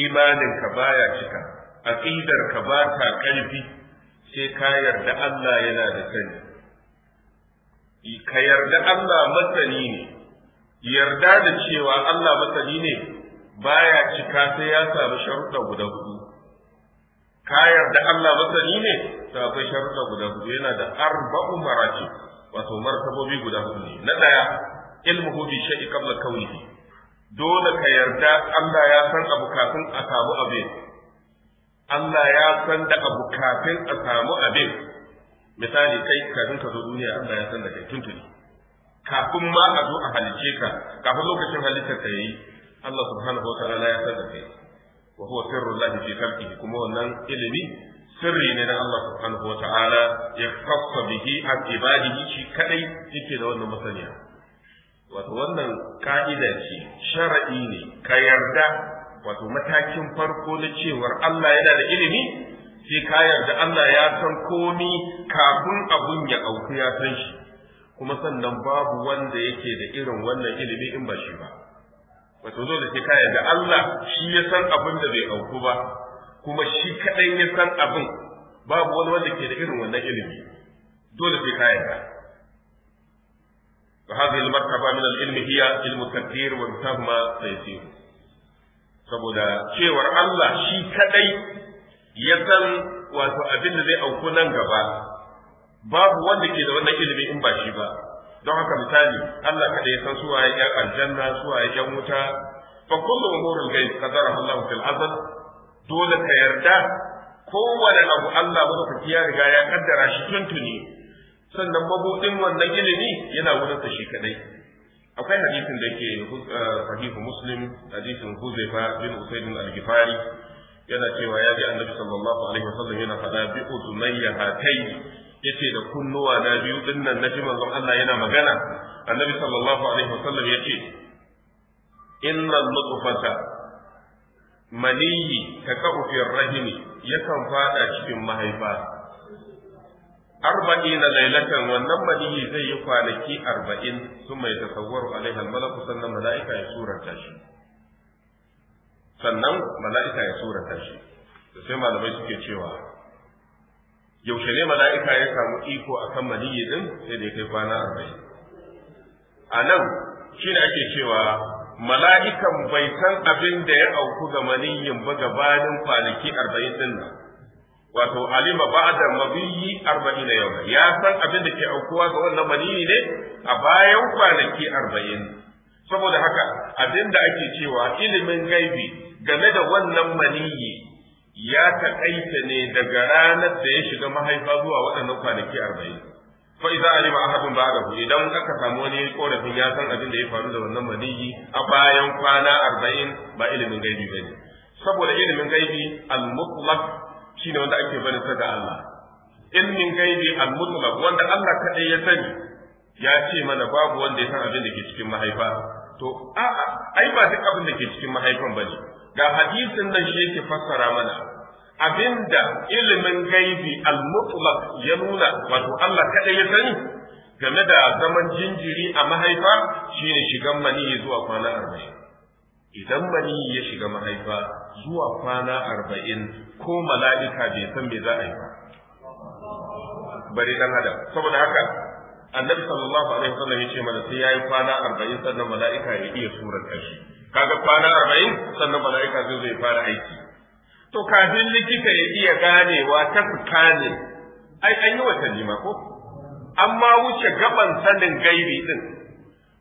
S3: imanin ka baya cika aqidar ka ba ta karfi sai ka yarda Allah yana da sani ka yarda Allah masani ne yarda da cewa Allah masani ne baya cika sai ya samu sharuɗa guda hudu ka yarda Allah masani ne to akwai sharuɗa guda hudu yana da arba'u maratib wato martabobi guda hudu ne na daya ilmuhu bi shay'in qabla kawnihi dole ka yarda Allah ya san abu kafin a samu abin Allah ya san da abu kafin a samu abin misali kai kafin ka zo duniya Allah ya san da kai tuntuni kafin ma a zo a halice ka kafin lokacin halittar ka yi, Allah subhanahu wa ta'ala ya san da kai wa huwa sirrul Allah fi khalqihi kuma wannan ilimi sirri ne na Allah subhanahu wata'ala ya kafa bihi an ibadihi shi kadai yake da wannan masaniya wato wannan ka'ida ce shar'i ne ka yarda wato matakin farko na cewar Allah yana da ilimi sai ka yarda Allah ya san komi kafin abun ya auku ya san shi kuma sannan babu wanda yake da irin wannan ilimi in ba shi ba wato zo da sai ka yarda Allah shi ya san abin da bai auku ba kuma shi kaɗai ya san abin babu wani wanda ke da irin wannan ilimi dole sai ka al-martaba min al ilmi hiya ilmu takdir wa tahma تيسير saboda cewar Allah shi kadai ya san wato abin da zai auku nan gaba babu wanda ke da wannan ilimi in ba shi ba don haka misali Allah kadai ya san suwaye yan aljanna suwaye yan wuta fa kullu umuril ghaib qadara Allahu fil azal dole ka yarda kowane abu Allah madaukaki ya riga ya kaddara shi tuntuni sannan mabuɗin wannan ilimi yana wurin shi kadai akwai hadisin da yake uh, sahihu muslim hadisin huzaifa bin usaidin al-gifari yana cewa ya ji annabi sallallahu alaihi wasallam yana faɗa bi uzunayya hatai yace da kunnuwa na biyu dinnan naji manzon Allah yana magana annabi sallallahu alaihi wasallam yace inna nutfata maniyi ta ka'ufin rahimi yakan fada cikin mahaifa arba'in na lailatan wannan maniyi zai yi kwanaki arba'in sun mai tasawwaru alaihi malaku sannan mala'ika ya surata shi sannan mala'ika ya surata shi sai malamai suke cewa yaushe ne mala'ika ya samu iko akan maniyi din sai da ya kai kwana arba'in a nan shi ake cewa mala'ikan bai san abin da ya auku ga maniyin ba gabanin kwanaki arba'in din nan wato alima ba'da mabiyi arba'ina yau ya san abin da ke aukuwa ga wannan maniyi ne a bayan kwanaki arba'in saboda haka abin da ake cewa ilimin gaibi game da wannan maniyi ya taƙaita ne daga ranar da ya shiga mahaifa zuwa waɗannan kwanaki arba'in fa idza alima ahadun ba'dahu idan aka samu wani korafin ya san abin da ya faru da wannan maniyi a bayan kwana 40 ba ilimin gaibi bane saboda ilimin gaibi al-mutlaq shine wanda ake bani sa ga Allah ilimin gaibi al-mutlaq wanda Allah kadai ya sani ya ce mana babu wanda ya san abin da ke cikin mahaifa to a'a ai ba duk abin da ke cikin mahaifan bane ga hadisin da shi yake fassara mana abinda ilimin gaibi al-mutlaq ya nuna wato Allah kada ya sani game da zaman jinjiri a mahaifa shine shigan mani zuwa kwana arba'in idan mani ya shiga mahaifa zuwa kwana arba'in ko mala'ika bai san me za a yi ba
S1: bari dan adam saboda haka
S3: annabi sallallahu alaihi wasallam yace mana sai yayi kwana 40 sannan mala'ika ya iya surar kashi kaga kwana 40 sannan mala'ika zai zai fara aiki to kafin likita ya iya ganewa ta ne ai an yi watanni ma ko amma wuce gaban sanin gairi din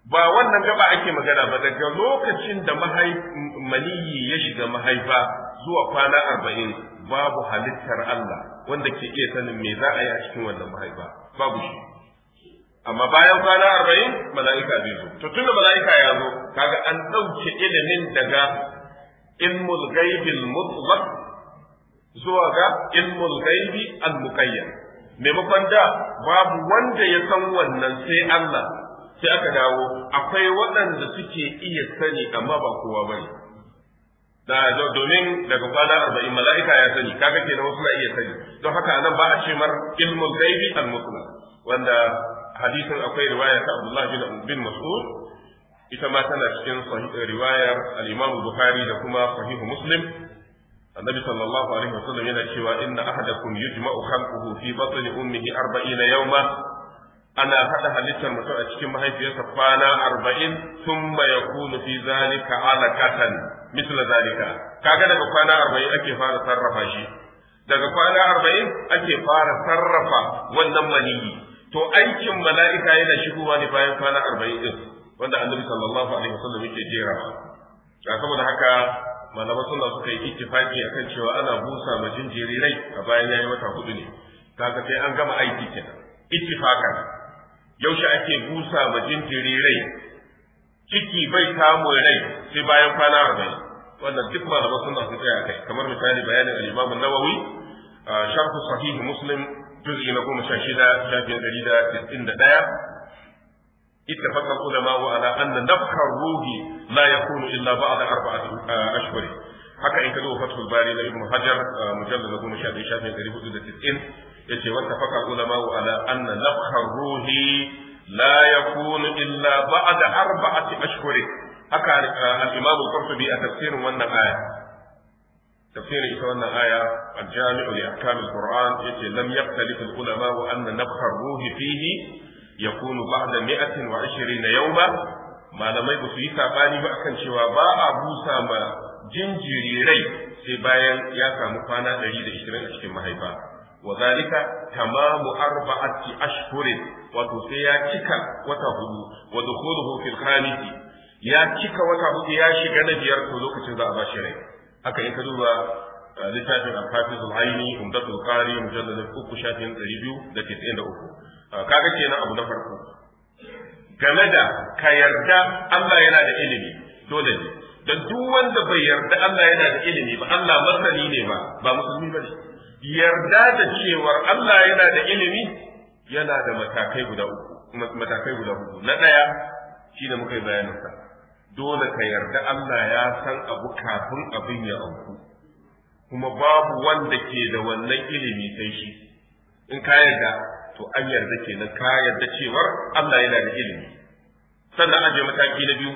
S3: ba wannan gaba ake magana ba daga lokacin da maniyi ya shiga mahaifa zuwa kwana arba'in babu halittar Allah wanda ke iya sanin me za a yi a cikin wannan mahaifa babu shi amma bayan kwana arba'in mala'ika zai zo to tunda mala'ika ya zo kaga an ɗauke ilimin daga ilmul gaibin mutlaq zuwa ga ilmul ghaibi al muqayyad maimakon da babu wanda ya san wannan sai Allah sai aka dawo akwai waɗanda suke iya sani amma ba kowa bane da domin daga kwana arba'in mala'ika ya sani kaga kenan wasu na iya sani don haka anan ba a ce mar ilmul ghaibi al wanda hadisin akwai riwaya ta Abdullah bin Mas'ud ita ma tana cikin riwayar al-Imam Bukhari da kuma Sahih Muslim annabi sallallahu alaihi wasallam yana cewa inna ahadakum yujma'u khalquhu fi batni ummihi 40 yawma ana haɗa halittar mutum a cikin mahaifiyarsa kwana 40 thumma yakunu fi zalika alaqatan misla zalika kaga daga kwana 40 ake fara sarrafa shi daga kwana arba'in ake fara sarrafa wannan maniyi to aikin mala'ika yana shigowa ne bayan kwana arba'in din wanda annabi sallallahu alaihi wasallam yake jera saboda haka malaman suna suka yi ittifaki akan cewa ana busa ma jinjiri rai a bayan yi wata hudu ne kaga sai an gama aiki kenan ittifakan yaushe ake busa ma jinjiri rai ciki bai samun rai sai bayan kwana arba'in wannan duk malaman suna su tsaya kai kamar misali bayanin al-Imam an-Nawawi sharh sahih Muslim juz'i na goma sha shida shafin ɗari da sittin da ɗaya اتفق العلماء على أن نفخ الروح لا يكون إلا بعد أربعة أشهر haka in ka zo fathul bari na ibnu hajar mujallal na goma sha biyu shafin ɗari hudu da tis'in ya ce wata faka ulama wa ala anna ruhi la yakunu illa ba'da arba'ati ashhuri haka al-imam al a tafsirin wannan aya tafsirin ita wannan aya jamiu al-qur'an yace lam yaktalif al-ulama ruhi fihi yakunu ba'da mi'atin wa yau yawma malamai ba su yi saɓani ba akan cewa ba a busa ma jinjirirai, sai bayan ya samu kwana 120 a cikin mahaifa wa zalika tamamu arba'ati ashhurin wato sai ya cika wata hudu wa dukhuluhu fil khamisi ya cika wata hudu ya shiga na biyar to lokacin za a bashi rai haka in ka duba littafin al-hafiz al-aini umdatul qari mujallad 3 shafin Ah, kaga kenan abu na farko game da ka yarda Allah yana da ilimi dole ne dan duk wanda bai yarda Allah yana da ilimi ba Allah masani ne ba ba musulmi bane yarda da cewar Allah yana da ilimi yana da matakai guda uku matakai guda uku na daya shine muka yi bayanin sa dole ka yarda Allah ya san abu kafin abin ya auku kuma babu wanda ke da wannan ilimi sai shi in ka yarda to an yarda kenan ka yarda cewar Allah yana da ilimi sannan an je mataki na biyu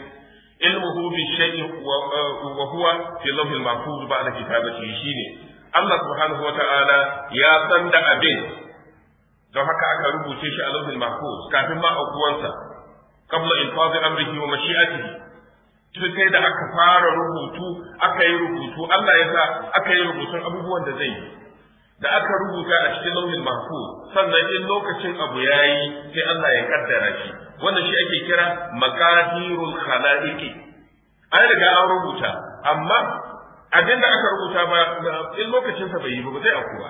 S3: ilmuhu bi shay'in wa uh, huwa fi lawhil mahfuz ba'da kitabati shine Allah subhanahu wa ta'ala ya san da abin don haka aka rubuce shi a lawhil mahfuz kafin ma aukuwansa qabla infadi amrihi wa mashi'atihi tun sai da aka fara rubutu aka yi rubutu Allah ya sa aka yi rubutun abubuwan da zai yi da aka rubuta a cikin launin mahfuz sannan in lokacin abu yayi sai Allah ya kaddara shi wannan shi ake kira maqadirul khalaiqi an riga an rubuta amma abinda aka rubuta ba in lokacin sa bai yi ba zai auku ba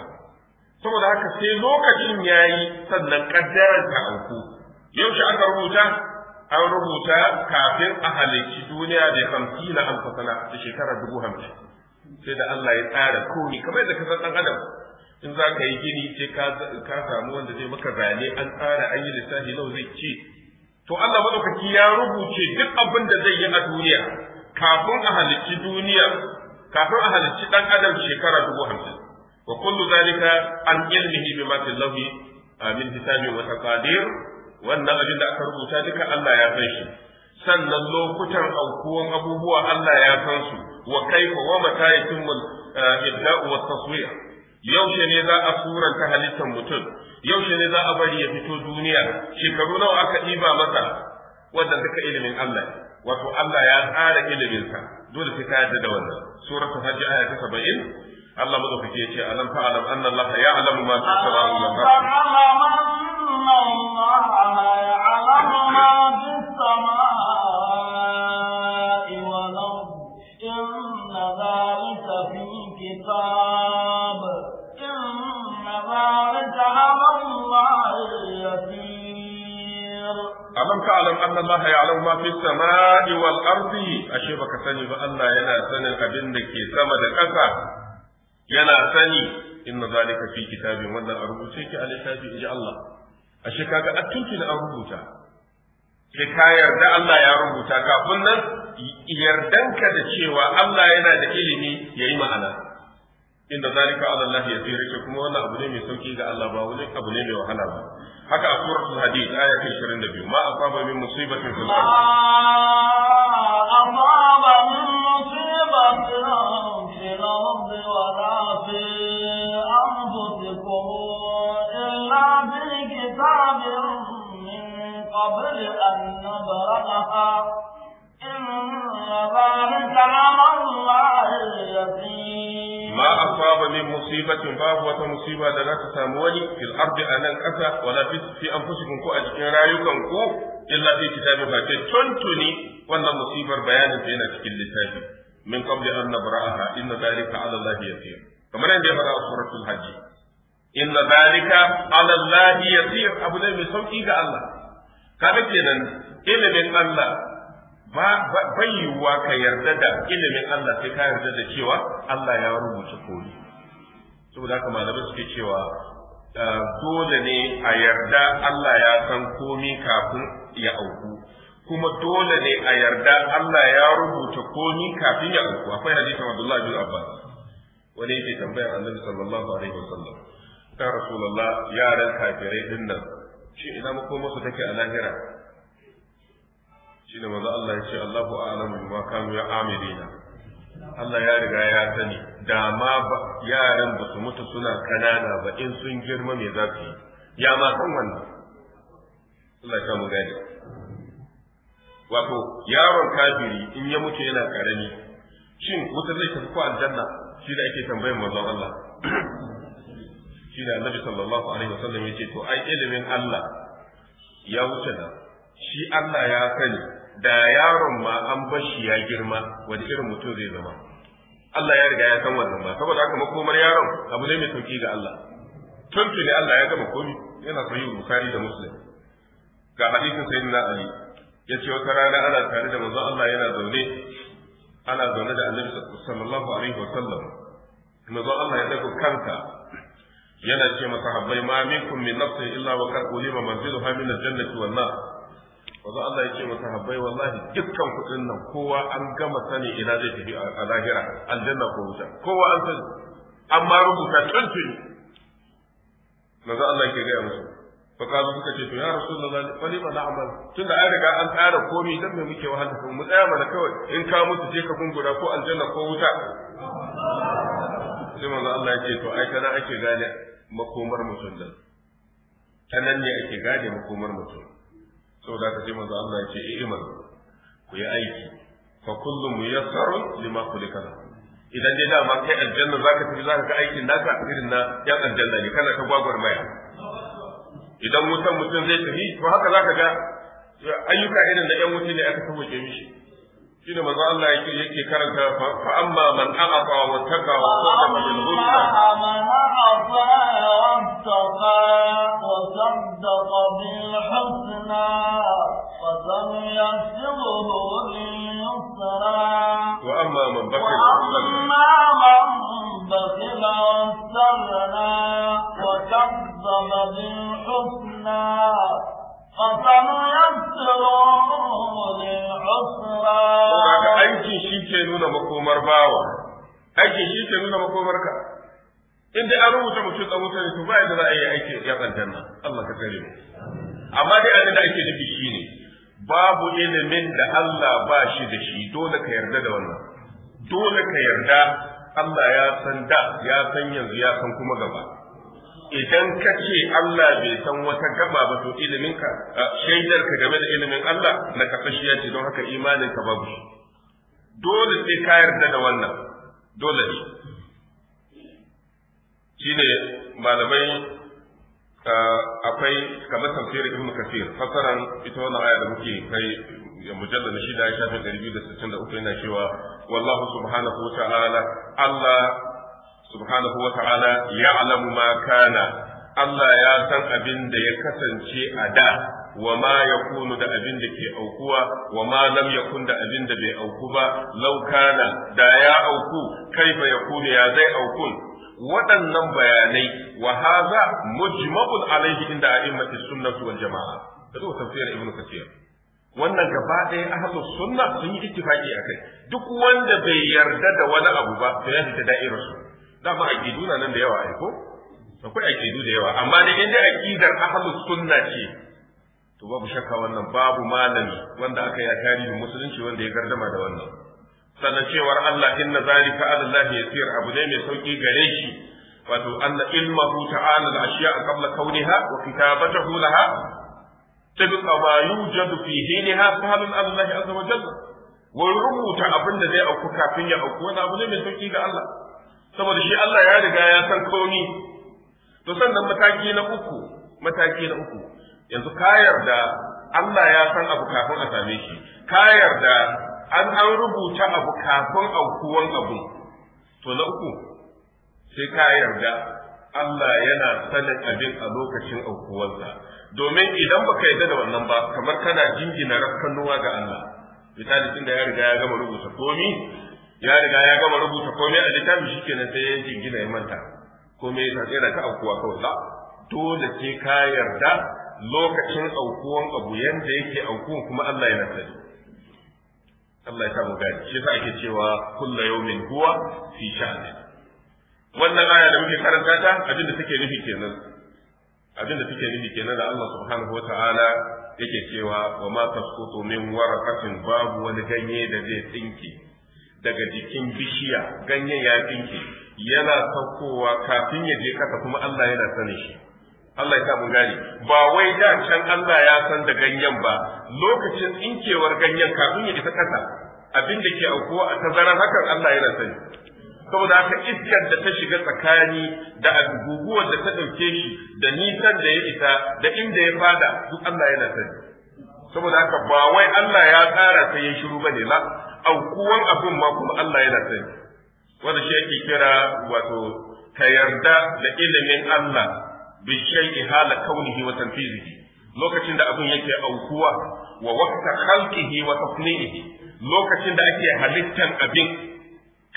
S3: saboda haka sai lokacin yayi sannan kaddarar ta auku yaushe aka rubuta an rubuta kafin a halicci duniya da hamsina alfasana da shekarar dubu hamsin sai da Allah ya tsara komi kamar yadda ka san dan adam in za ka yi gini sai ka samu wanda zai maka zane an tsara an yi lissafi nawa zai ci to Allah madaukaki ya rubuce duk abin da zai yi a duniya kafin a halicci duniya kafin a halicci dan adam shekara dubu hamsin wa kullu zalika an ilmihi bima fil lawhi min hisabi wa taqadir wannan abin da aka rubuta duka Allah ya san shi sannan lokutan aukuwan abubuwa Allah ya san su wa kaifa wa mata yatimul eh, ibda'u wa taswir yaushe ne za a suranta halittar mutum yaushe ne za a bari ya fito duniya shekaru nawa aka ɗiba masa wanda duka ilimin Allah wato Allah ya tsara iliminsa dole sai ka yadda da wannan suratul hajj aya ta 70 Allah madaukake yace alam fa alam anna Allah ya'lamu ma fi samawati wa
S2: ma fi al-ardi alam
S3: ta'lam anna Allah ya'lamu ma fi samai wal ardi ashe baka sani ba Allah yana sanin abin da ke sama da ƙasa yana sani inna zalika fi kitabin wannan a rubuce ki a littafi inji Allah ashe kaga attunki na an rubuta sai ka yarda Allah ya rubuta kafin nan yardanka da cewa Allah yana da ilimi ya yi ma'ana إن ذلك على الله يسير لكم وأن أبو نيم يسوكي إذا الله باولي أبو نيم يوحنا أقول في الحديث آية 20 النبي ما أصاب من مصيبة في الأرض
S2: ما أصاب من مصيبة في الأرض ولا في أنفسكم إلا في كتاب من قبل أن نبرأها إن ذلك على الله يسير ma
S3: asaba min musibatin babu wata musiba da za ta samu wani fil ardi anan kasa wala fi fi anfusikum ko a cikin rayukan ku illa fi kitabin fa ce tuntuni wannan musibar bayanin ta yana cikin littafi min qabli an nabra'aha inna dhalika 'ala allahi yasir kamar yadda ya faɗa a suratul hajj inna dhalika 'ala allahi yasir abu ne mai sauki ga Allah kaga kenan ilimin Allah bai yiwuwa ka yarda da ilimin Allah sai ka yarda da cewa Allah ya rubuta koyi saboda haka malamai suke cewa ah, dole ne a yarda Allah ya san komi kafin ya auku kuma dole ne a yarda Allah ya rubuta komi kafin ya auku akwai wa Abdullah bin Abbas wani yake tambayar Annabi sallallahu alaihi wasallam ta Rasulullah yaran kafirai din nan shi ina mako musu take a lahira shine maza Allah ya ce Allahu a'lamu bima kanu ya'amilina Allah ya riga ya sani da ma yaran ba su mutu suna kanana ba in sun girma me za su yi ya ma san wannan Allah ya mu gane wato yaron kafiri in ya mutu yana karami shin wutar zai tafi ko aljanna shi da ake tambayar manzon Allah (clears throat) shi da annabi sallallahu alaihi wasallam ya ce to ai ilimin Allah ya wuce da shi Allah ya sani da yaron ma an bashi ya girma wani irin mutum zai zama Allah ya riga ya san wannan ba saboda haka makomar yaron abu ne mai sauki ga Allah ne Allah ya gama komi yana sayi Bukhari da Muslim ga hadisin sayyidina Ali ce wata rana ana tare da manzon Allah yana zaune ana zaune da Annabi sallallahu alaihi wasallam manzon Allah ya dago kanka yana ce masa habbai ma minkum min nafsin illa wa qad ulima manziluha min al-jannati wan nar Wanzu Allah ya ce wa sahabbai wallahi dukkan kuɗin nan kowa an gama sani ina zai tafi a lahira aljanna ko wuta kowa an sani amma rubuta tuntuni wanzu Allah ke gaya musu fa kazu suka ce to ya rasulullahi fa na na'mal tunda an riga an tsara komai dan me muke wahala ko mu tsaya mana kawai in ka mutu je ka gungura ko aljanna ko wuta sai manzo Allah ya ce to ai kana ake gane makomar mutum dan ta nan ne ake gane makomar mutum saboda ka ce manzo Allah ya ce eh, iman ku yi aiki fa kullum muyassarun lima kulika idan dai dama kai aljanna zaka tafi zaka ga aikin naka irin na yan aljanna ne kana gwagwar gwagwarmaya idan mutum mutum zai tafi to haka zaka ga ayyuka irin na yan mutum ne aka sauke mishi shine manzo Allah yake yake karanta fa amma man aqata wa taqa wa sadaqa bil husna
S2: man aqata wa taqa wa sadaqa bil husna fa sam yasibuhu yusra wa amma man bakila wa amma man bakila wa sarra wa kazzaba bil husna Kaga
S3: aikin shi ke nuna makomar bawa, aikin shi ke nuna makomar ka. In dai an rubuta mutum a wuta ne to ba yadda za a yi aiki ya tsantar nan, Allah ka tsare mu. Amma dai abin da ake nufi shi ne, babu ilimin da Allah ba shi da shi dole ka yarda da wannan. Dole ka yarda Allah ya san da, ya san yanzu, ya san kuma gaba. idan ka ce Allah bai san wata gaba ba to ilimin shaidar ka game da ilimin Allah na kafashiya ce don haka imanin ka babu dole sai ka yarda da wannan dole ne shine malamai akwai kamar tafsir ibn kafir fasaran ita wannan aya da muke kai mujallal shi da ya shafi 263 yana cewa wallahu subhanahu wa ta'ala Allah subhanahu wa ta'ala ya'lamu ma kana Allah ya san abin da ya kasance a da wa ma yakunu da abin da ke aukuwa wa ma lam kun da abin da bai auku ba laukana kana da ya auku kaifa kunu ya zai aukun waɗannan bayanai wa hadha mujma'un alaihi inda a'immati sunnah wal jama'a da tafsir ibnu kathir wannan gaba ɗaya ahlus sunna sun yi ittifaqi akai duk wanda bai yarda da wani abu ba to ya fita da'irar dama aqidu na nan da yawa ai ko akwai aqidu da yawa amma da inda aqidar ahlus sunna ce to babu shakka wannan babu malami wanda aka yi tarihin musulunci wanda ya gardama da wannan sannan cewar Allah inna zalika ala Allah yasir abu ne mai sauki gare shi wato anna ilmahu ta'ala al-ashiya qabla kawniha wa kitabatahu laha tabqa ma yujadu fi hinaha sahlun Allah azza wa jalla wa rubuta abinda zai auku kafin ya auku wani abu ne mai sauki ga Allah saboda shi Allah ya riga ya san komi to sannan mataki na uku mataki na uku yanzu ka yarda Allah ya san abu kafin a same shi ka yarda an an rubuta abu kafin aukuwan abu to na uku sai ka yarda Allah yana sanin abin a lokacin aukuwansa domin idan baka yarda da wannan ba kamar kana jingina rakkanuwa ga Allah misali tunda ya riga ya gama rubuta komi ya riga ya gama rubuta komai a shi kenan sai ya jingina ya manta komai ya tsira ka aukuwa kawai to dole ke ka yarda lokacin aukuwan abu yanda yake aukuwan kuma Allah yana sani Allah ya samu gani shi yasa ake cewa kullu yawmin huwa fi sha'ni wannan aya da muke karanta ta abin da take nufi kenan abin da take nufi kenan da Allah subhanahu wataala yake cewa wa ma tasqutu min warqatin babu wani ganye da zai tsinke daga jikin bishiya ganyen ya tsinke yana saukowa kafin ya je kasa kuma Allah yana sanin shi Allah ya mun gane ba wai da can Allah ya san da ganyen ba lokacin inkewar ganyen kafin ya isa kasa abin da ke aukuwa a tazarar hakan Allah yana sani saboda haka iskar da ta shiga tsakani da guguwar da ta ɗauke shi da nisan da ya isa da inda ya fada duk Allah yana sani saboda haka ba wai Allah ya tsara sai ya shiru bane la Aukuwan abin ma kuma Allah yana sani wanda shi yake kira wato ka yarda da ilimin Allah bi shay'i hala kaunihi wa tanfizihi lokacin da abin yake aukuwa wa waqta khalqihi wa tasni'ihi lokacin da ake halittan abin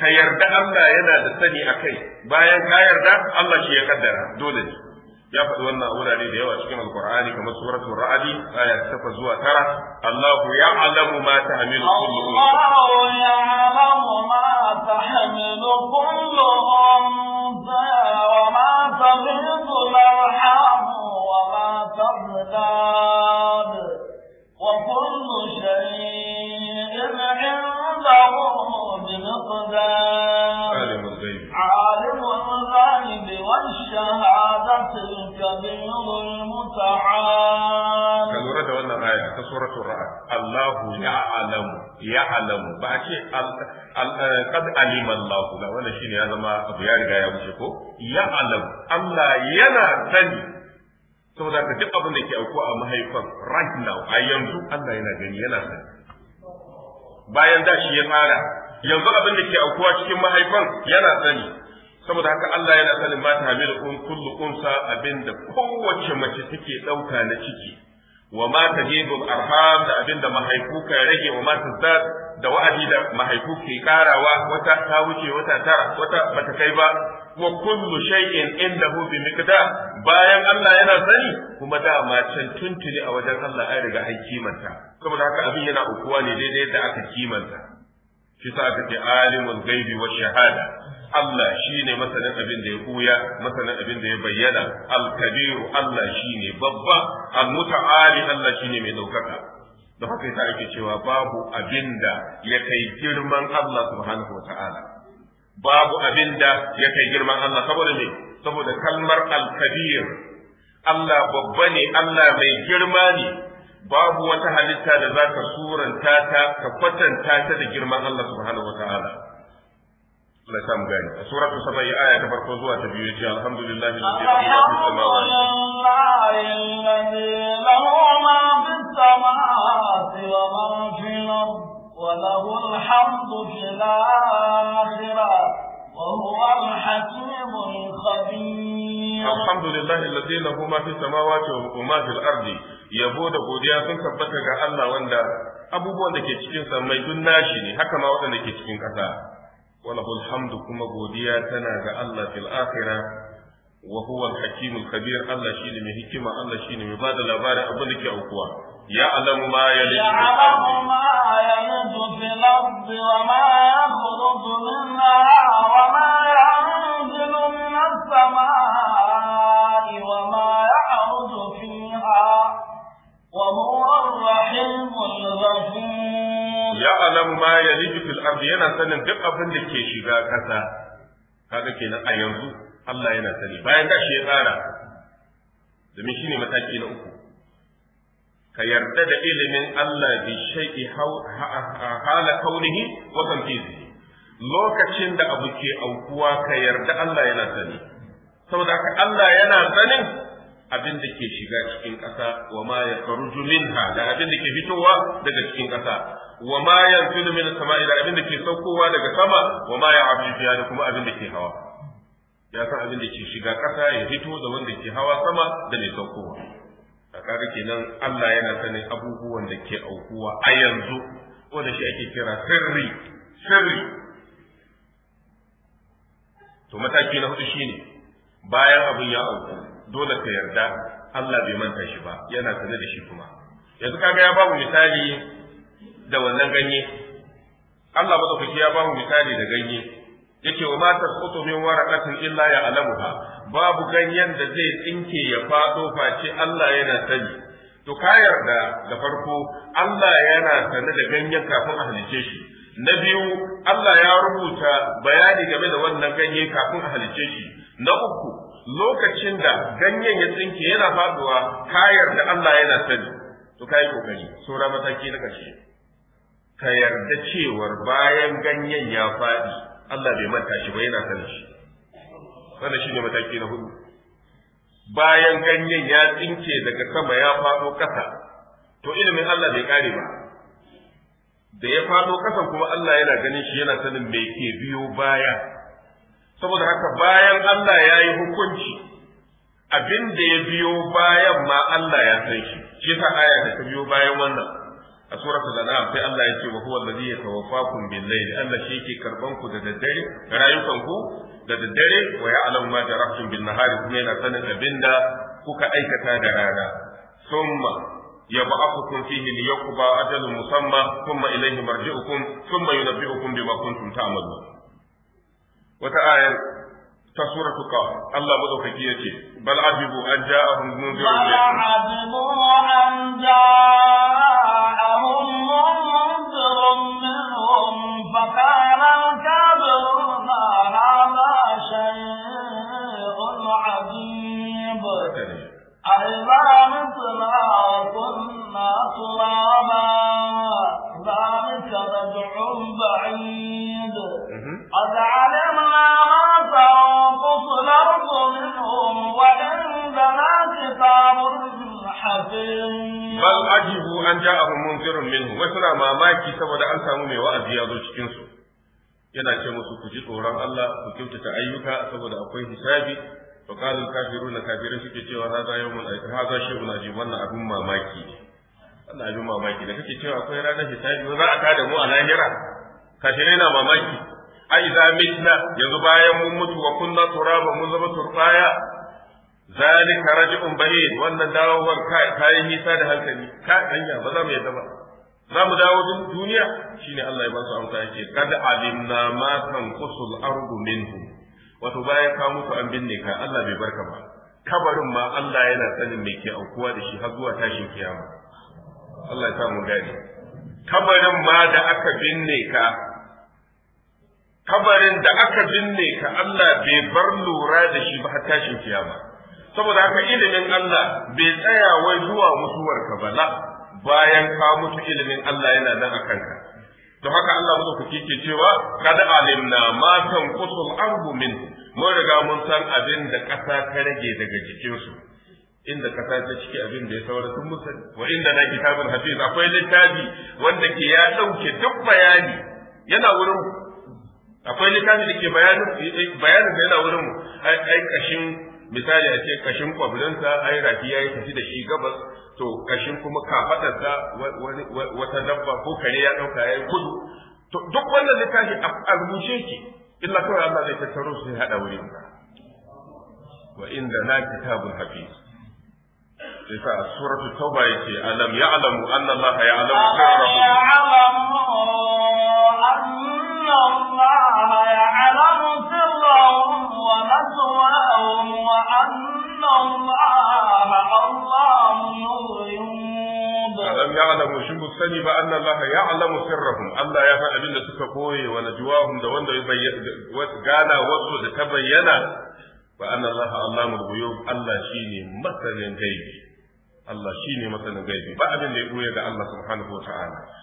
S3: ka yarda Allah yana da sani akai bayan ka yarda Allah shi ya kaddara dole ne ya faɗi wannan wurare da yawa cikin alqur'ani kamar suratul ra'di aya 8 zuwa 9 Allahu ya'lamu ma tahmilu kullu Allahu
S2: ya'lamu ma tahmilu kullu unsa wa ma tabidu al-arham wa ma tazdat wa kullu shay'in 'indahu عنده بمقدار عالم الغيب عالم الغيب والشهادة الكبير المتعال كان ورد
S3: وانا آية سورة الرعد الله يعلم يعلم باكي قد علم الله لا وانا شيني هذا ما أبو يارغا يا وشكو يعلم الله ينا سني saboda ka duk abin da ke auku a mahaifar right now a yanzu Allah yana gani yana sani bayan da shi ya tsara yanzu abin da ke aukuwa cikin mahaifan yana sani saboda haka Allah yana sanin ma ta hamilu un kullu unsa abin kowace mace take ɗauka na ciki wa ma ta arham da abin da mahaifu ka rage wa ma ta da wa'adi da mahaifu ke karawa wata ta wuce wata tara wata bata kai ba wa kullu shay'in indahu bi miqdar bayan Allah yana sani kuma da can tuntuni a wajen Allah ai riga hakimanta saboda haka abin yana ukuwa ne daidai da aka kimanta shi sa aka ce alimul gaibi wa shahada Allah shine masanin abin da ya kuya masanin abin da ya bayyana al-kabiru Allah shine babba al-muta'ali Allah shine mai daukaka da haka yasa ake cewa babu abin da ya kai girman Allah subhanahu wata'ala babu abin da ya kai girman Allah saboda me saboda kalmar al-kabir Allah babba ne Allah mai girma ne babu wata halitta da za ka suranta ta ka kwatanta ta da girman Allah subhanahu wataala ta'ala Allah ya samu gani a suratu saba'i aya ta farko zuwa ta biyu yace alhamdulillahi alladhi
S2: lahu ma fis samawati wa ma fil ardi wa lahu alhamdu fil akhirah وهو الحكيم الخبير الحمد
S3: لله الذي له ما في السماوات وما في الأرض yabo da godiya sun tabbata ga Allah wanda abubuwan da ke cikin sammai duk nashi ne haka ma waɗanda ke cikin ƙasa
S1: walahul hamdu kuma godiya tana ga Allah fil akhirah wa huwa al hakim al khabir Allah shine mai hikima Allah shine mai bada labarin abin da ke aukuwa ya
S3: alamu ma ya
S2: lidu fil ardi wa ma yakhruju minha wa ma yanzilu minas samaa'i wa ma
S3: ya alam ma ya يلج fil ardi yana sanin duk abin da ke shiga ƙasa kaga kenan a yanzu Allah yana sani bayan da shi ya tsara domin shine mataki na uku ka yarda da ilimin Allah bi shay'i hala kaunihi wa tamkizi lokacin da abu ke aukuwa ka yarda Allah yana sani saboda haka Allah yana sanin abin da ke shiga cikin ƙasa wa ma ya faruju minha da abin da ke fitowa daga cikin ƙasa wa ma yanzilu min sama'i da abin da ke saukowa daga sama wa ma ya abiya da kuma abin da ke hawa ya san abin da ke shiga ƙasa ya fito da wanda ke hawa sama da mai saukowa a kaga kenan Allah yana sanin abubuwan da ke aukuwa a yanzu wanda shi ake kira sirri sirri to mataki na hudu shine bayan abin ya auku dole ka yarda Allah bai manta shi ba yana sanar da shi kuma yanzu kaga ya babu misali da wannan ganye Allah madaukaki ya ba mu misali da ganye yake wa mata tasqutu min waraqatin illa ya alamuha babu ganyen da zai tsinke ya fado face Allah yana sani to ka yarda da farko Allah yana sanar da ganyen kafin a halice shi na biyu Allah ya rubuta bayani game da wannan ganye kafin a halice shi na uku lokacin da ganyen ya tsinke yana faduwa kayar da Allah yana sani to kai kokari sura mataki na karshe ka yarda cewar bayan ganyen ya faɗi Allah bai manta shi ba yana sani shi wannan shine mataki na hudu bayan ganyen ya tsinke daga sama ya faɗo ƙasa to ilimin Allah bai kare ba da ya faɗo ƙasan kuma Allah yana ganin shi yana sanin me ke biyo baya saboda haka bayan Allah ya yi hukunci abin da ya biyo bayan ma Allah ya san shi shi ta aya da ta biyo bayan wannan a suratul an'am sai Allah ya ce wa huwa allazi yatawaffakum bil layl Allah shi yake karban ku da daddare rayukan ku da daddare wa ya'lamu ma jarahtum bin nahari kuma yana sanin abin da kuka aikata da rana summa yab'athukum fihi liyaqba ajalun musamma thumma ilayhi marji'ukum thumma yunabbi'ukum bima kuntum ta'malun wata ayar ta suratu ka Allah madaukaki yace bal ajibu an ja'ahum munzirun bal
S2: ajibu an ja'ahum munzirun minhum fa kana al-kafiruna ala shay'un ajib أَإِذَا مِتْنَا وَكُنَّا تُرَابًا ذَلِكَ رَجْعٌ بَعِيدٌ قد على
S3: bal ajibu an ja'ahum munzirun minhu wasu na mamaki saboda an samu mai wa'azi ya zo cikin su yana ce musu ku ji tsoron Allah ku kyautata ayyuka saboda akwai hisabi to kalin kafiruna kafirin suke cewa hada yawmun hada shay'un ajib wannan abin mamaki ne wannan abin mamaki da kake cewa akwai ranar hisabi za a tada mu a lahira kafirai na mamaki a idza mitna yanzu bayan mun mutu wa kunna turaba mun zama turbaya zalika raj'un bahid wannan dawowar kayan nisa da hankali ka hanya ba za mu yadda ba za mu dawo duniya shine Allah ya ba su amsa yake kad alimna ma tanqusul ardu minhu wato bayan ka mutu an binne ka Allah bai barka ba kabarin ma Allah yana sanin me ke aukuwa da shi har zuwa tashin kiyama Allah ya samu gadi kabarin ma da aka binne ka kabarin da aka binne ka Allah bai bar lura da shi ba har tashin kiyama saboda haka ilimin Allah bai tsaya wai zuwa ka ba la bayan ka mutu ilimin Allah yana nan a kanka to haka Allah ku kike cewa kad alimna ma tanqusul ardu min mun riga mun san abin da ƙasa ta rage daga jikinsu inda ƙasa ta ciki abin da ya saura tun musa, wa inda na kitabul hafiz akwai littafi wanda ke ya ɗauke duk bayani yana wurin akwai littafi da ke bayanin bayanin da yana wurin ai kashin misali a ce kashin a yi rafi ya yi tafi da shi gabas to kashin kuma kafadarsa wata dabba ko kare ya ɗauka ya yi kudu to duk wannan littafi a rubuce ki illa kawai Allah zai tattaro su ya haɗa wurin wa inda na kitabun hafiz لسا سورة التوبة يتي ألم يعلموا أن الله يعلم سرهم
S2: ألم يعلموا أن الله يعلم سرهم ونسواهم وأن الله الله نور ألم يعلموا
S3: شنو السنب أن الله يعلم سرهم ألا يفعل بنا سكبوي ونجواهم دواندو يبين وقالا وصو تبين wa anna allaha allamul ghuyub Allah shine masanin masanin gaibi ba abin da ya goye ga Allah subhanahu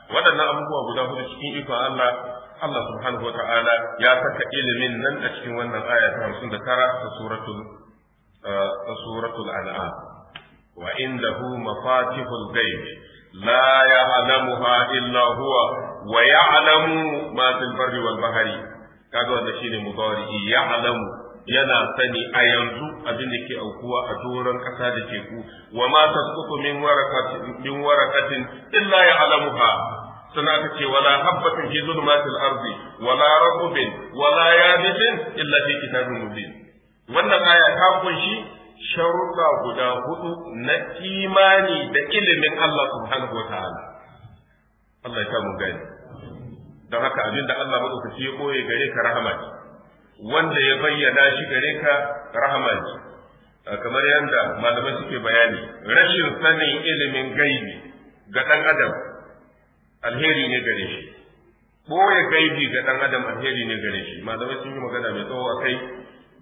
S3: waɗannan abubuwa guda hudu cikin ikon Allah Allah ya saka ilimin nan da cikin wannan aya ta 59 da suratul eh, ta suratul an'am wa indahu mafatihul ghaib la ya'lamuha illa huwa wa ya'lamu ma kaga wannan shine mudari ya'lamu yana sani a yanzu abin da ke aukuwa a doron ƙasa da teku wa ma tasqutu min waraqatin min waraqatin illa ya'lamuha suna ta ce wala habbatin fi zulmatil ardi wala raqbin wala yabisin illa fi kitabin mubin wannan aya ta kunshi sharuɗa guda hudu na imani da ilimin Allah subhanahu wa ta'ala Allah ya mu gani don haka abin da Allah madaukaki ya koye gare ka rahama wanda ya bayyana shi gare ka rahman kamar yadda malamai suke bayani rashin sanin ilimin gaibi ga ɗan adam alheri ne gare shi ɓoye gaibi ga ɗan adam alheri ne gare shi malamai sun yi magana mai tsawo a kai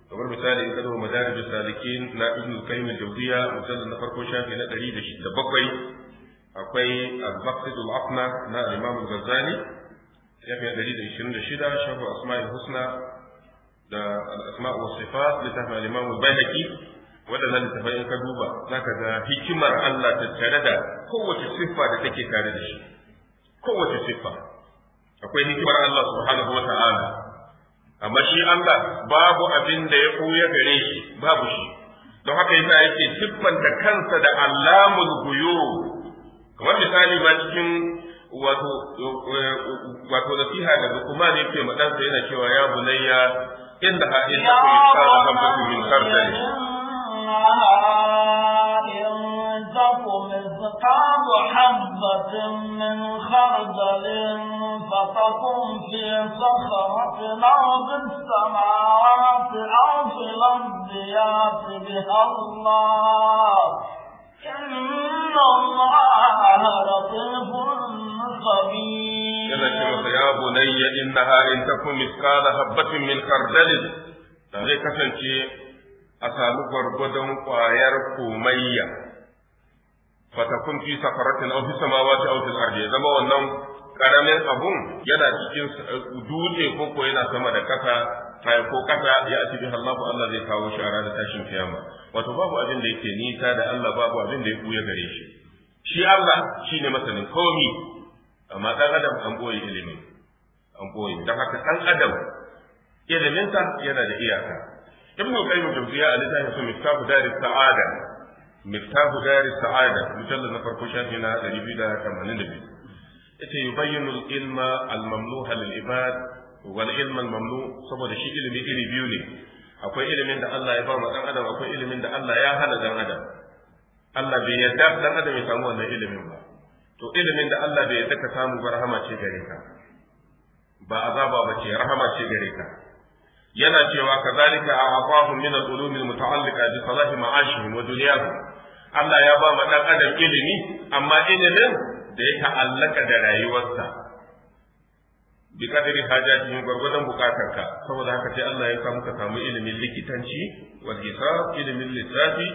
S3: kamar misali in kado madarij salikin na ibn qayyim al-jawziya musallin na farko shafi na bakwai. akwai al baqid al-afna na imam al-ghazali shafi 126 shafi asma'ul husna da al-asma wa sifat littafin al-imam al wadannan littafai in ka duba zaka ga hikimar Allah ta tare da kowace siffa da take tare da shi kowace siffa akwai hikimar Allah subhanahu wa ta'ala amma shi Allah babu abin da ya koya gare shi babu shi don haka yasa yake siffanta kansa da alamul ghuyub kamar misali ba cikin wato eh, wato nasiha da kuma ne ke madansa yana cewa ya bunayya إنها
S2: إن تكن مثقال حبة من خردل إن حبة من خردل فتكن في صخرة أو في السماوات أو في الأرض يأت بها الله إن الله لطيف خبير يا
S3: بني إنها إن تكن مثقال حبة من خردل zai kasance a sami gwargwadon ƙwayar komayya في fi safaratin في fi samawati في fil ardi ما zama wannan karamin abun yana cikin dutse ko ko yana sama da kasa haya ko kasa ya ati biha Allahu Allah zai kawo shara da tashin kiyama wato babu abin da yake nisa da Allah babu abin da ya buya gare shi shi Allah shine masanin komi amma dan adam an boye ilimi an boye dan haka dan adam iliminsa yana da iyaka ibn qayyim jawziya a littafin su miftahu daris sa'ada miftahu daris sa'ada mujallad na farko shafi na 282 yace yubayyinu al-ilma al-mamnuha lil ibad wal ilm al mamnu saboda shi ilimi iri biyu ne akwai ilimin da Allah ya ba ma dan adam akwai ilimin da Allah ya hana dan adam Allah bai yarda dan adam ya samu wannan ilimin ba to ilimin da Allah bai yarda ka samu ba rahama ce gare ka ba azaba ba ce rahama ce gare ka yana cewa kazalika a'afahu min al-ulum al-muta'alliqa bi salahi ma'ashihim wa dunyahum Allah ya ba ma dan adam ilimi amma ilimin da ya ta'allaka da rayuwarsa bi kadari hajatihim gwargwadon bukatarka saboda haka sai Allah ya sa muka samu ilimin likitanci wal hisab ilimin lissafi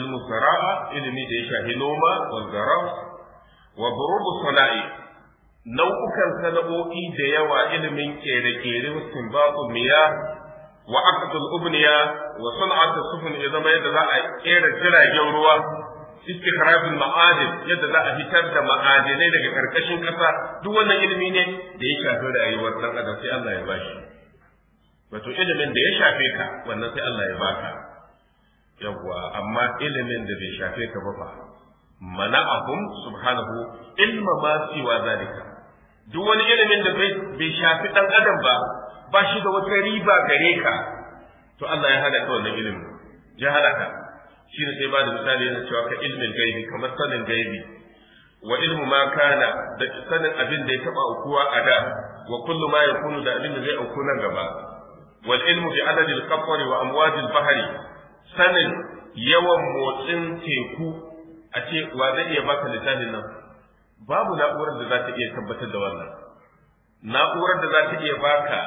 S3: ilmu sara'a ilimi da ya shafi noma wal wa burubu sana'i nau'ukan sana'o'i da yawa ilimin kere-kere istinbatu miya wa aqdul ubniya wa sun'atu sufun ya zama yadda za a ƙera jiragen ruwa istikhrajul ma'adin yadda za a fitar da ma'adinai daga karkashin kasa duk wannan ilimi ne da ya shafi rayuwar dan adam sai Allah ya bashi wato ilimin da ya shafe ka wannan sai Allah ya baka yawwa amma ilimin da bai shafe ka ba fa mana'ahum subhanahu ilma ma siwa zalika duk wani ilimin da bai shafi dan adam ba bashi da wata riba gare ka to Allah ya hada ka wannan ilimin ya halaka shi ne sai ba da misali yana cewa ka ilmin gaibi kamar sanin gaibi
S1: wa ilmu ma kana da sanin abin da ya taba aukuwa a da wa kullu ma yakunu da abin da zai auku nan
S3: gaba wal ilmu bi adadi al qafari wa amwaj al bahri sanin yawan motsin teku a ce wa zai iya baka littafin nan babu na'urar da za ta iya tabbatar da wannan na'urar da za ta iya baka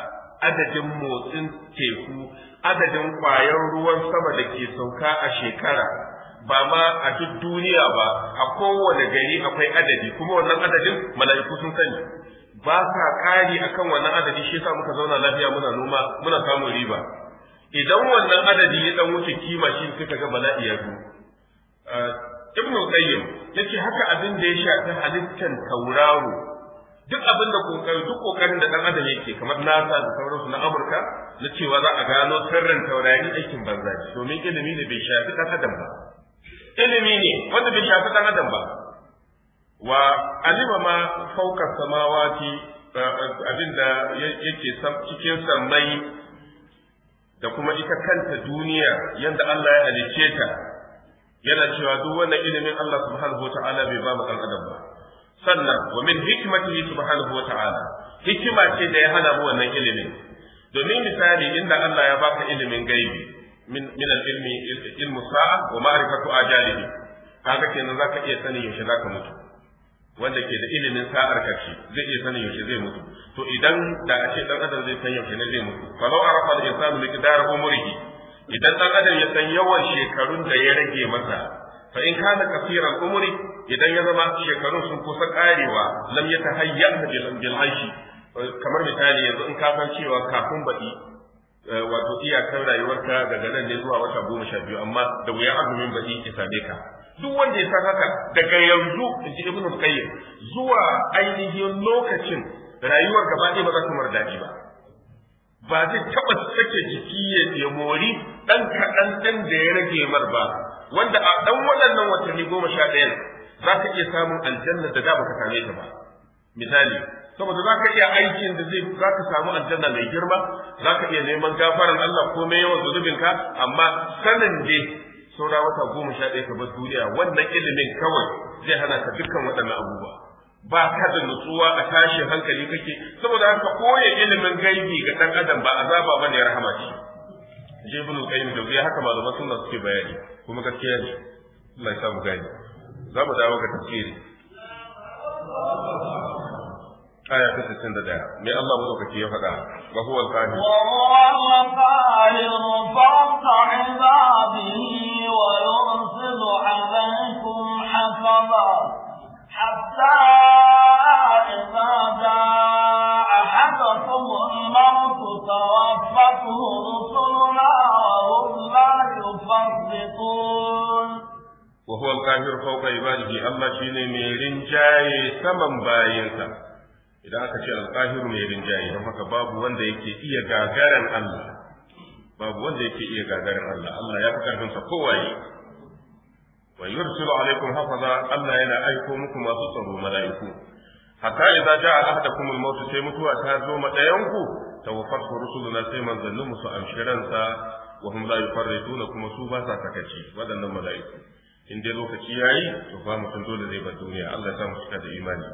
S3: adadin motsin teku adadin ƙwayar ruwan sama da ke sauka a shekara ba ma a duk duniya ba a kowane gari akwai adadi kuma wannan adadin mala'iku sun sani ba sa ƙari akan wannan adadi shi yasa muka zauna lafiya muna noma muna samun riba idan wannan adadi ya dan wuce kima shi kika ga bala'i ya zo eh, ibnu qayyim yace haka abin da ya shafi halittar tauraro duk abin da kokari duk kokarin da dan adam yake kamar nasa da sauransu na amurka na cewa za a gano sirrin taurari aikin banza ne domin ilimi ne bai shafi dan adam ba ilimi ne wanda bai shafi dan adam ba wa alima ma fauka samawati eh, eh, abinda yake cikin sammai da kuma ita kanta duniya yadda Allah ya halicce ta yana cewa duk wannan ilimin Allah subhanahu wa ta'ala bai ba mu dan adam ba sannan wa min hikmatihi subhanahu wa ta'ala hikima ce da ya hana mu wannan ilimin domin misali inda Allah ya baka ilimin gaibi min min al-ilmi ilmu sa'a wa ma'rifatu ajalihi kaga kenan zaka iya sanin yaushe zaka mutu wanda ke da ilimin sa'ar kashi zai iya sanin yaushe zai mutu to idan da a ce dan adam zai san yaushe ne zai mutu fa law arafa al-insanu miqdara umrihi idan dan adam ya san yawan shekarun da ya rage masa fa in kana kasiran umri idan ya zama shekarun sun kusa karewa lam yatahayya bil aishi kamar misali yanzu in ka san cewa kafin baɗi eh, wato iyakar rayuwarka daga nan ne zuwa wata goma sha biyu amma da wuya azumin baɗi ki same ka duk wanda ya san haka daga yanzu in ji ibnu qayyim zuwa ainihin lokacin rayuwar gaba ɗaya ba za ta mara daɗi ba ba zai taɓa sake jiki ya mori ɗan kaɗan ɗin da ya rage mar ba wanda a ɗan waɗannan watanni goma sha za ka iya samun aljanna da da baka same ta ba misali saboda za ka iya aikin da zai za ka samu aljanna mai girma za ka iya neman gafaran Allah ko mai yawan zunubinka amma sanin dai saura wata goma sha ɗaya ka bar duniya wannan ilimin kawai zai hana ka dukkan waɗannan abubuwa ba ka da nutsuwa a tashin hankali kake saboda haka koya ilimin gaibi ga dan adam ba azaba bane rahama ce je ibn qayyim da ya haka malaman sunna suke bayani kuma gaskiya ne Allah ya samu gani za mu dawo ga tafsiri aya ta 61 me Allah mu madaukaki ya faɗa wa huwa al-qahir wa
S2: huwa al-qahir fa'ta'ibadihi wa yursilu 'alaykum hafaza حتى إذا جاء أحدكم الموت توفته
S3: وهو فوق عباده شيني mai rinjaye saman bayinsa idan aka ce alkahiru mai rinjaye don haka babu wanda yake iya gagarin Allah babu wanda yake iya gagaran Allah Allah ya fi kowaye wa yursilu alaikum hafaza Allah yana aiko muku masu tsaro mala'iku hatta idza ja'a ahadakum al-maut sai mutuwa ta zoma ma dayan ku tawaffat rusuluna sai manzannin musu amshiransa wa hum la yufarrituna kuma su ba sa sakaci wadannan mala'iku in dai lokaci yayi to fa mutum dole zai bar duniya Allah ya mu cika da imani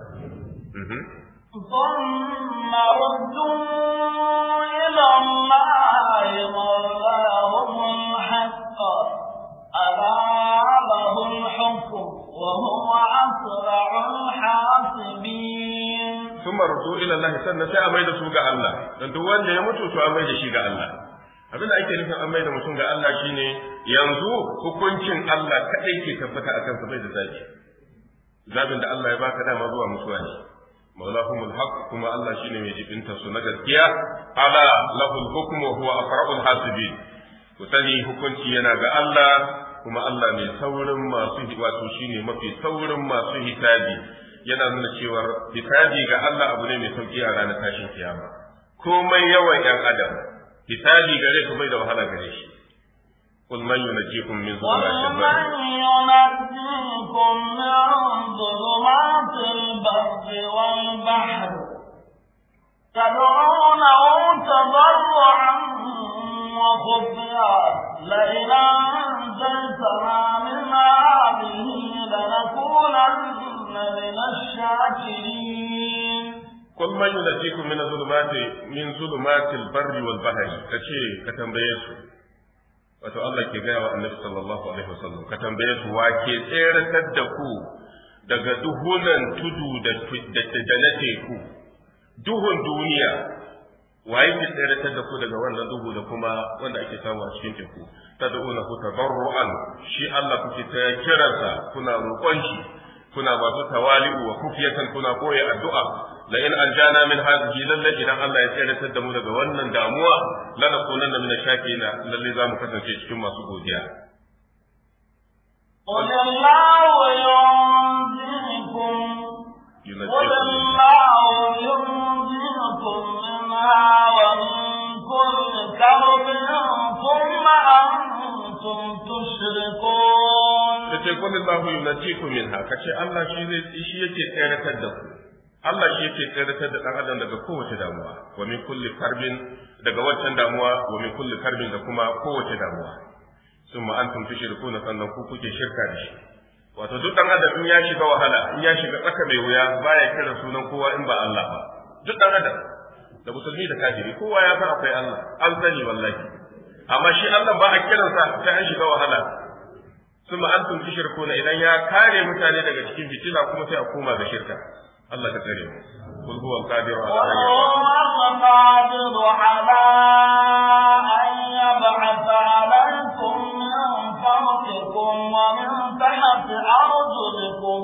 S2: ثم ردوا إلى الله مولاهم الحق أذابهم حب وهم أسرع حاسبين
S3: ثم رجوع إلى الله سنة أميد سوق الله أنت وان يموت سوى أميد شيق الله abin da ake nufin amai da mutum ga Allah shine yanzu hukuncin Allah kaɗai ke tabbata a kansa bai da zaɓi zaɓin da Allah ya baka dama zuwa mutuwa ne maulahumul haq kuma Allah shine mai jibinta su na gaskiya ala lahul hukmu huwa afra'ul hasibi ku sani hukunci yana ga Allah kuma Allah mai saurin masu wato shine mafi saurin masu hisabi yana nuna cewa hisabi ga Allah abu ne mai sauki a ranar tashin kiyama komai yawan yan adam hisabi gare ku bai da wahala gare shi قل من ينجيكم من ظلمات البر
S2: ومن ينجيكم من ظلمات البر والبحر تدعونه تضرعا
S3: قل من ينجيكم من الظلمات من ظلمات البر والبحر كشي كتم بيسو وتو الله كي النبي صلى الله عليه وسلم كتم بيسو واكي سير تدكو دغ دهونا تدو دتدنتيكو دهون دنيا waye ke tsayar da ku daga wannan duhu da kuma wanda ake samu a cikin teku tad'una hu tabarru'an shi Allah kuke ta kiransa kuna roƙon shi kuna masu tawali'u wa kufiyatan kuna koya addu'a la in anjana min hadhihi lalla idan Allah ya tsayar da mu daga wannan damuwa lanakunanna min shakina lalle zamu kasance cikin masu godiya
S2: قل الله ينجيكم منها ومن كل كرب ثم أنتم تشركون
S3: تقول الله ينجيكم منها كشي الله شيء yake tsayar da ku Allah shi yake tsayar da ɗan adam daga kowace damuwa wa min kulli karbin daga waccan damuwa wa min kulli karbin da kuma kowace damuwa sun summa antum tushrikuna sannan ku kuke shirka da shi wato duk dan adam in ya shiga wahala in ya shiga tsaka mai wuya baya kira sunan kowa in ba Allah ba duk dan adam da musulmi da kafiri kowa ya san akwai Allah an sani wallahi amma shi Allah ba a kiransa ta an shiga wahala suma antum shirkuna idan ya kare mutane daga cikin fitina kuma sai a koma ga shirka Allah ka tsare mu kul huwa qadir ala
S2: an بعث عليكم من فوقكم ومن تحت أرجلكم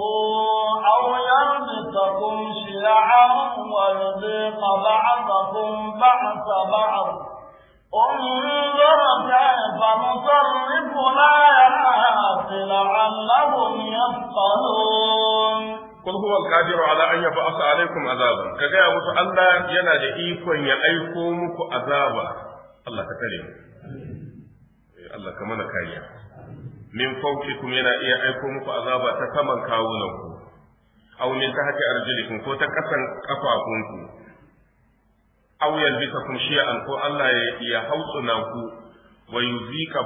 S2: أو يلبسكم شيعا ويذيق بعضكم بعث بعض انظر كيف نصرف الآيات لعلهم يفقهون
S3: kun huwa alqadiru ala an yab'atha alaykum azaban kaga ya musu Allah yana da ikon ya aiko muku azaba Allah ta kare mu Allah ka mana kariya min fawqikum yana iya aiko muku azaba ta saman kawunanku aw min tahti arjulikum ko ta kasan kafafunku aw yalbisakum shay'an ko Allah ya hautsuna ku wa yuzika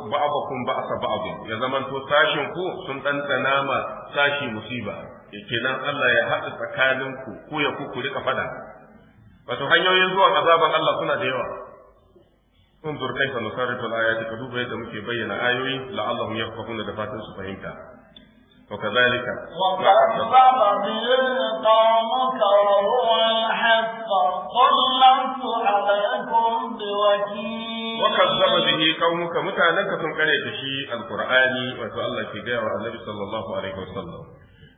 S3: ba'abakum ba'sa ba'd ya to sashin ku sun dandana ma sashi musiba Yake nan Allah ya haɗa tsakaninku ko ya ku ku rika fada wato hanyoyin zuwa azaban Allah suna da yawa انظر كيف نصرف الآيات كتب يد مكي بين آيوي لعلهم يفقهون دفاتن سفهمتا وكذلك وكذب به
S2: قومك وهو الحق قل لست عليكم بوكيل وكذب
S3: به قومك متعلق sun kare da shi alqur'ani wato Allah ke gaya annabi sallallahu alaihi wasallam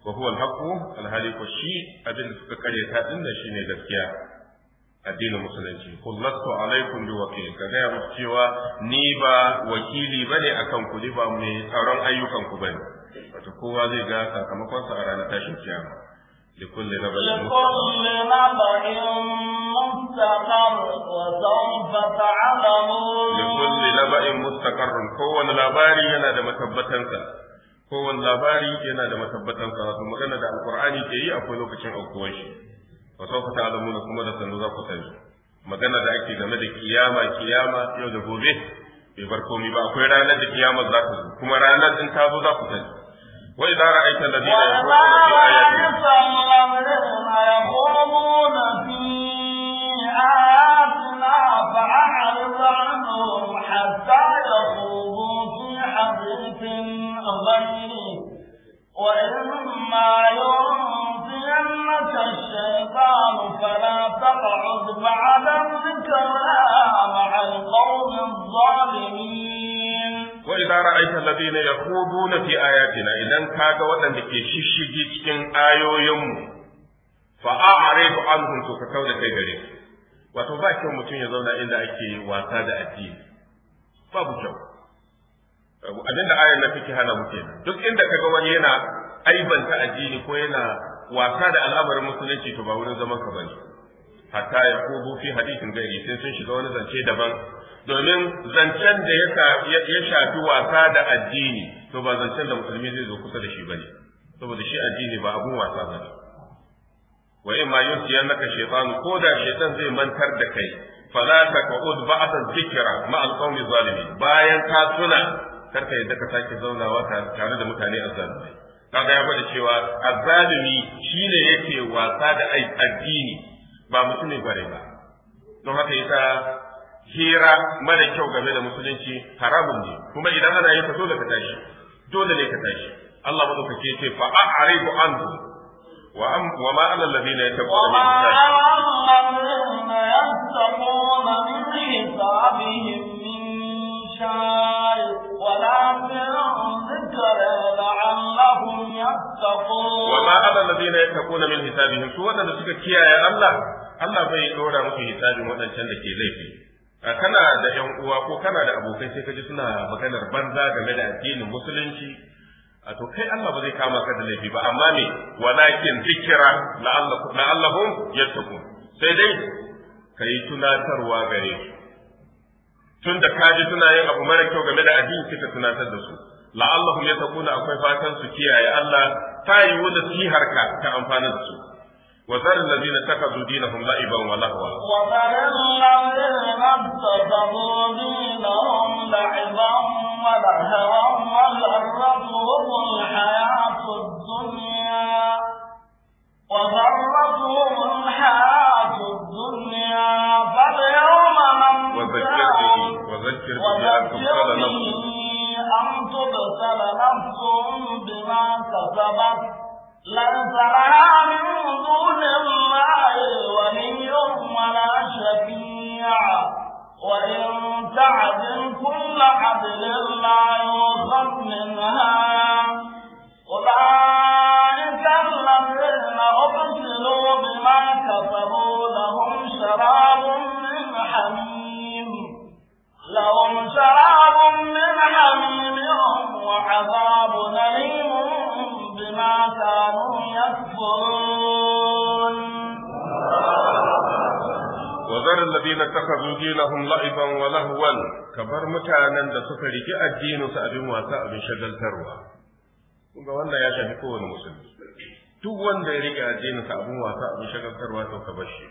S3: wa huwa alhaqu alhali ko shi abin da suka kare ta shine gaskiya addinin musulunci kullastu alaikum bi wakil ka gaya musu cewa ni ba wakili bane akan ku ni ba mai tsaron ayyukan ku bane wato kowa zai ga sakamakon sa a ranar tashin kiyama لكل نبأ
S2: مستقر وسوف تعلمون لكل نبأ
S3: مستقر كون لاباري ينا دا متبتنسا كون لاباري ينا دا متبتنسا ثم magana da القرآن كي أقول لك شيء أقول wa sawfa ta'lamuna kuma da sanu za ku sani magana da ake game da kiyama kiyama yau da gobe bai bar komai ba akwai ranar da kiyama za ta zo kuma ranar din ta zo za ku sani wa idza ra'aita alladhina
S2: yaquluna fi ayatina yaquluna وإما ينزينك الشيطان فلا تقعد بعد الذكرى مع القوم الظالمين وإذا
S3: رأيت الذين يخوضون في آياتنا إذا كاد وأنك ششجي cikin ayoyinmu fa'a'arifu anhum to ka kauda kai gare su wato ba kyau mutum ya zauna inda ake wasa da addini babu kyau abinda ayar na take hana muke duk inda kaga wani yana aibanta addini ko yana wasa da al'amarin musulunci to ba wurin zaman ka bane hatta ya kubu fi hadisin gari sai sun shiga wani zance daban domin zancen da ya shafi wasa da addini to ba zancen da musulmi zai zo kusa da shi bane saboda shi addini ba abun wasa bane wa in ma naka shaytan ko da shaytan zai mantar da kai fala taqud ba'da dhikra ma al-qawmi zalimin bayan ka suna karka yadda ka sake zaunawa tare da mutane azzalumai kaga ya gwada cewa azzalumi shine yake wasa da addini ba mutumin gware ba don haka yasa hira mara kyau game da musulunci haramun ne kuma idan ana yin dole ka tashi dole ne ka tashi Allah madaukake ce fa a'ridu anhu wa am wa ma ala alladhina yattaquna
S2: min hisabihim Wa ولكن ذكر لعلهم يتقون وما
S3: على الذين يتقون من حسابهم سوى أن dora يا الله الله بي دورا مكي حساب kana da 'yan uwa ko kana da abokai sai kaji suna maganar banza game da addinin musulunci a to kai Allah ba zai kama ka da laifi ba amma me walakin zikira la'allahum yattaqun sai dai kai tunatarwa gare su tun da kaji suna yin abu mara kyau game da addini kika tunatar da su ya yattaquna akwai fatan su kiyaye Allah ta yi wa nasiharka ta amfana da su وذر الذين اتخذوا دينهم لعبا ولهوا
S2: وذر الذين اتخذوا دينهم لعبا ولهوا والغرتهم الحياة الدنيا وغرتهم الحياة الدنيا فاليوم من وذكر به وذكر به أن تبتل نفس أن تبتل نفس بما كسبت لن ترها من دون الله ولي ولا شفيع وإن تعدل كل عدل لا يؤخذ منها أولئك الذين أبسلوا بما كسبوا لهم شراب من حميم لهم شراب من حميم وعذاب أليم بما كانوا يكفرون
S3: وذر الذين اتخذوا دينهم لعبا ولهوا كبر متانا لسفر suka الدين addinin su abin wasa kun ga wannan ya shafi kowane musulmi duk wanda ya rike addinin sa abun wasa abun shagaltarwa to ka bar shi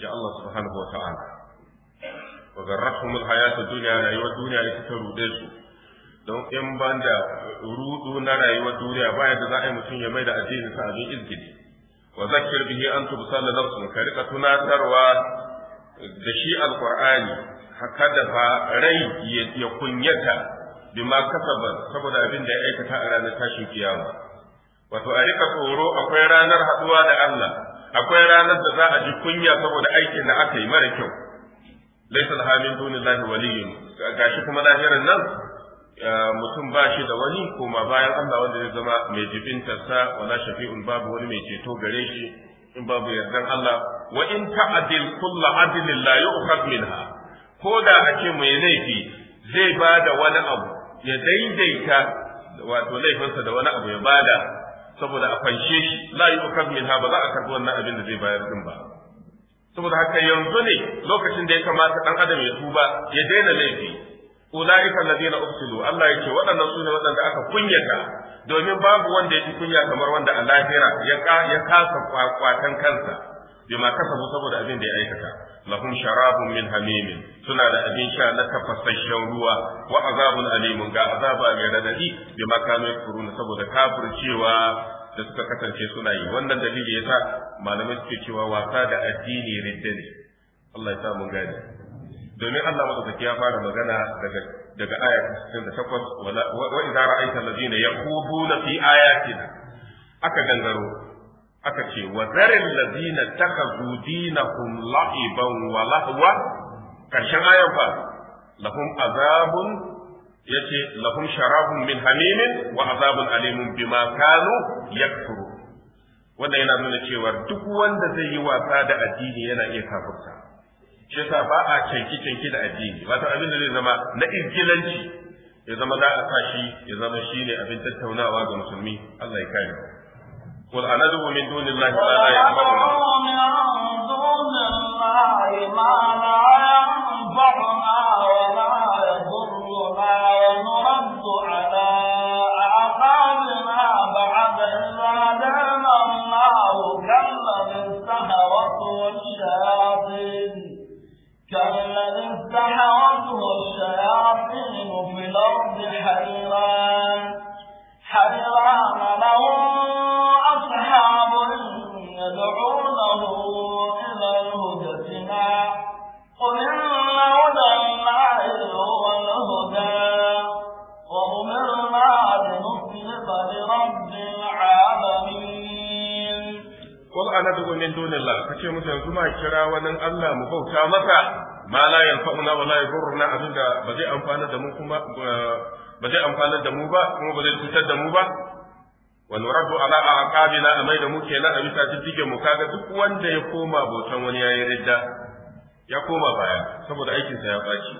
S3: ya Allah subhanahu wa ta'ala wa garrahum alhayat ad-dunya rayuwar duniya ita ta rude su don in banda rudu na rayuwar duniya ba yadda za a yi mutum ya mai da addinin sa abin izgidi wa zakkir bihi an tubsala nafsun ka rika tunatarwa da shi alqur'ani haka da fa rai ya kunyata bima kasabat saboda abin da ya aikata a ranar tashin kiyama wato a rika tsoro akwai ranar haduwa da Allah akwai ranar da za a ji kunya saboda aikin da aka yi mara kyau laysa laha dunillahi waliyyun gashi kuma lahirin nan mutum ba shi da wani koma bayan Allah wanda zai zama mai jibintarsa wala shafi'un babu wani mai ceto gare shi in babu yardan Allah wa in ta'dil kullu adlin la yu'khad minha ko da ake mai laifi zai ba da wani abu ya daidaita wato laifinsa da wani abu ya bada saboda a fanshe shi la min ha ba za a karbi wannan abin da zai bayar din ba saboda haka yanzu ne lokacin da ya kamata ɗan adam ya tuba ya daina laifi ulaika alladhina ubtilu Allah yake waɗannan su ne waɗanda aka kunyata domin babu wanda ya ji kunya kamar wanda a lahira ya kasa kwakwatan kansa bima kasabu saboda abin da ya aikata lahum sharabun min hamimin suna da abin sha na tafasasshen ruwa wa azabun alimun ga azaba mai radadi bima kanu yakfuruna saboda kafircewa da suka kasance suna yi wannan dalili yasa malamai suke cewa wasa da addini ridda ne Allah ya sa mun gane domin Allah madaukaki ya fara magana daga daga aya 68 wa idza ra'aita allazina yaqubuna fi ayatina aka gangaro aka ce wa zarin lazina takazu dinahum la'iban wa lahwa karshen ayan fa lahum azabun ce, lahum sharafun min hamimin wa azabun alimun bima kanu yakfuru wanda yana nuna cewa duk wanda zai yi wasa da addini yana iya kafirta shi yasa ba a canki canki da addini wata abin da zai zama na izgilanci ya zama za a sa shi ya zama shine abin tattaunawa ga musulmi Allah ya kare قل أندعو من دون الله ما لا ينفعنا
S2: من دون الله ما لا ينفعنا يضرنا على أعقابنا بعد الشياطين الشياطين في حيران حيران له أصحاب يدعونه إلى هدتنا قل إن هدى الله هو الهدى وأمرنا لنسلم لرب العالمين
S3: قل أنا دعو من دون الله كتير مثل كما كرا ونن الله مبوتا مسا ma la yanfa'una wa la yadurruna abinda ba zai amfana da mu kuma ba zai amfana da mu ba kuma ba zai cutar da mu ba wa nuraddu ala aqabina amai da muke na a bisa cikin mu kaga duk wanda ya koma bautan wani yayi ridda ya koma baya saboda aikin sa ya baci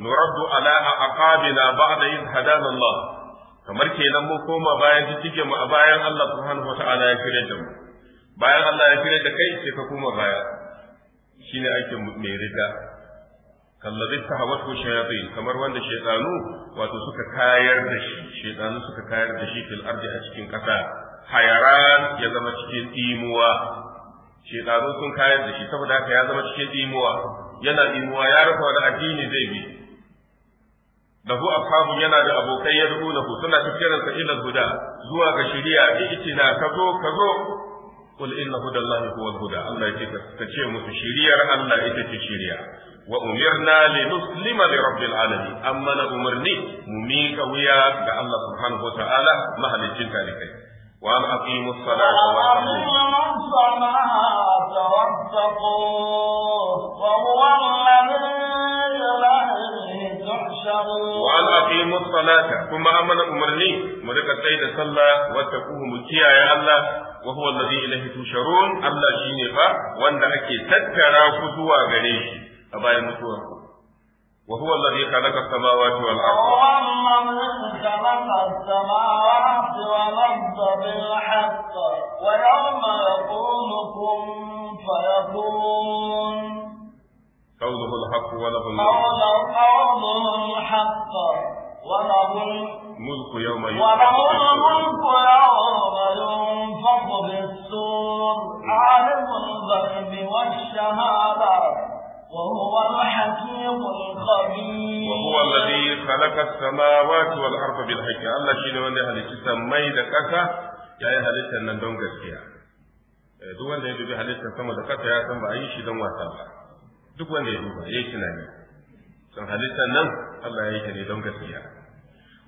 S3: nuraddu ala aqabina ba'da in hadana Allah kamar kenan mu koma bayan cikin mu a bayan Allah subhanahu wata'ala ya kire da mu bayan Allah ya kire da kai sai ka koma baya shine aikin mu mai ridda kallabi tahawatu shayatin kamar wanda shaytanu wato suka kayar da shi shaytanu suka kayar da shi fil ardi a cikin kasa hayaran ya zama cikin imuwa shaytanu sun kayar da shi saboda haka ya zama cikin imuwa yana imuwa ya rasa wani addini zai bi Da lahu ashabu yana da abokai ya ku suna tafiyar sa ila huda zuwa ga shari'a itina kazo kazo qul inna hudallahi huwal huda Allah ya ce ka ce musu shari'ar Allah ita ce shari'a wa umirna li nuslima li rabbil alamin amma na umarni mu miƙa wuya ga Allah subhanahu wa ta'ala mahalicin talibai wa an aqimu salata wa
S2: وأن أقيموا
S3: الصلاة ثم أمن أمرني ملك السيد صلى واتقوه مكيا يا الله وهو الذي إليه تشرون الله شيني وأن أكي تترى فتوى غريشي أباي مطور وهو الذي خلق السماوات والأرض
S2: هو الذي خلق السماوات والأرض بالحق ويوم يقول كن فيكون قوله
S1: الحق وله الملك
S2: قوله الحق وله الملك يوم يوم وله الملك يوم ينفخ بالسور عالم الغيب والشهاده وهو الحكيم الخبير وهو الذي
S3: خلق السماوات والأرض بالحق الله شيء wanda halitta sammai da ƙasa yayi halittar nan don gaskiya duk wanda ya dubi halittar sama da ƙasa ya san ba a yi shi don wasa ba duk wanda ya duba ya yi tunani san halittar nan Allah ya yi ne don gaskiya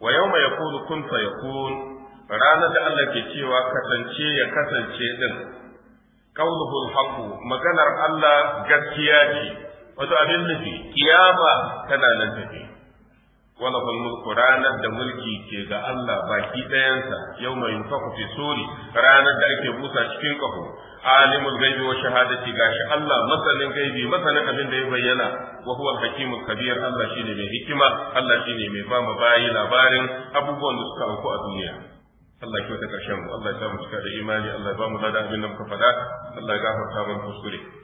S3: wa yau mai yaqulu kun fayakun ranar da Allah ke cewa kasance ya kasance din qawluhu al maganar Allah gaskiya ce wato abin nufi kiyama tana nan tafi wala kun mulku ranar da mulki ke ga Allah baki ɗayansa yau mai yunfaku fi suri ranar da ake busa cikin ƙaho alimul gaibi wa shahadati gashi Allah masanin gaibi masanin abin da ya bayyana wa huwa hakimul kabir Allah shine mai hikima Allah shine mai ba bayi labarin abubuwan da suka auku a duniya Allah ya kyauta karshen mu Allah ya sa mu cika da imani Allah ya ba mu ladan abin da muka faɗa Allah ya gafarta mana kuskure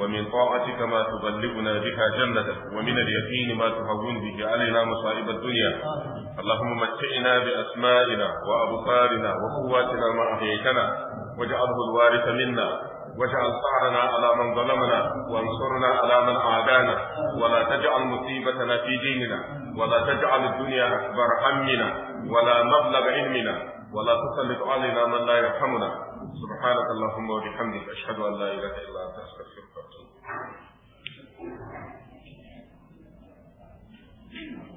S3: ومن طاعتك ما تبلغنا بها جنتك ومن اليقين ما تهون به علينا مصائب الدنيا اللهم متعنا بأسمائنا وأبصارنا وقواتنا ما أحييتنا واجعله الوارث منا واجعل صعرنا على من ظلمنا وانصرنا على من عادانا ولا تجعل مصيبتنا في ديننا ولا تجعل الدنيا أكبر همنا ولا مبلغ علمنا ولا تسلط علينا من لا يرحمنا سبحانك اللهم
S1: وبحمدك أشهد أن لا إله إلا أنت Thank you.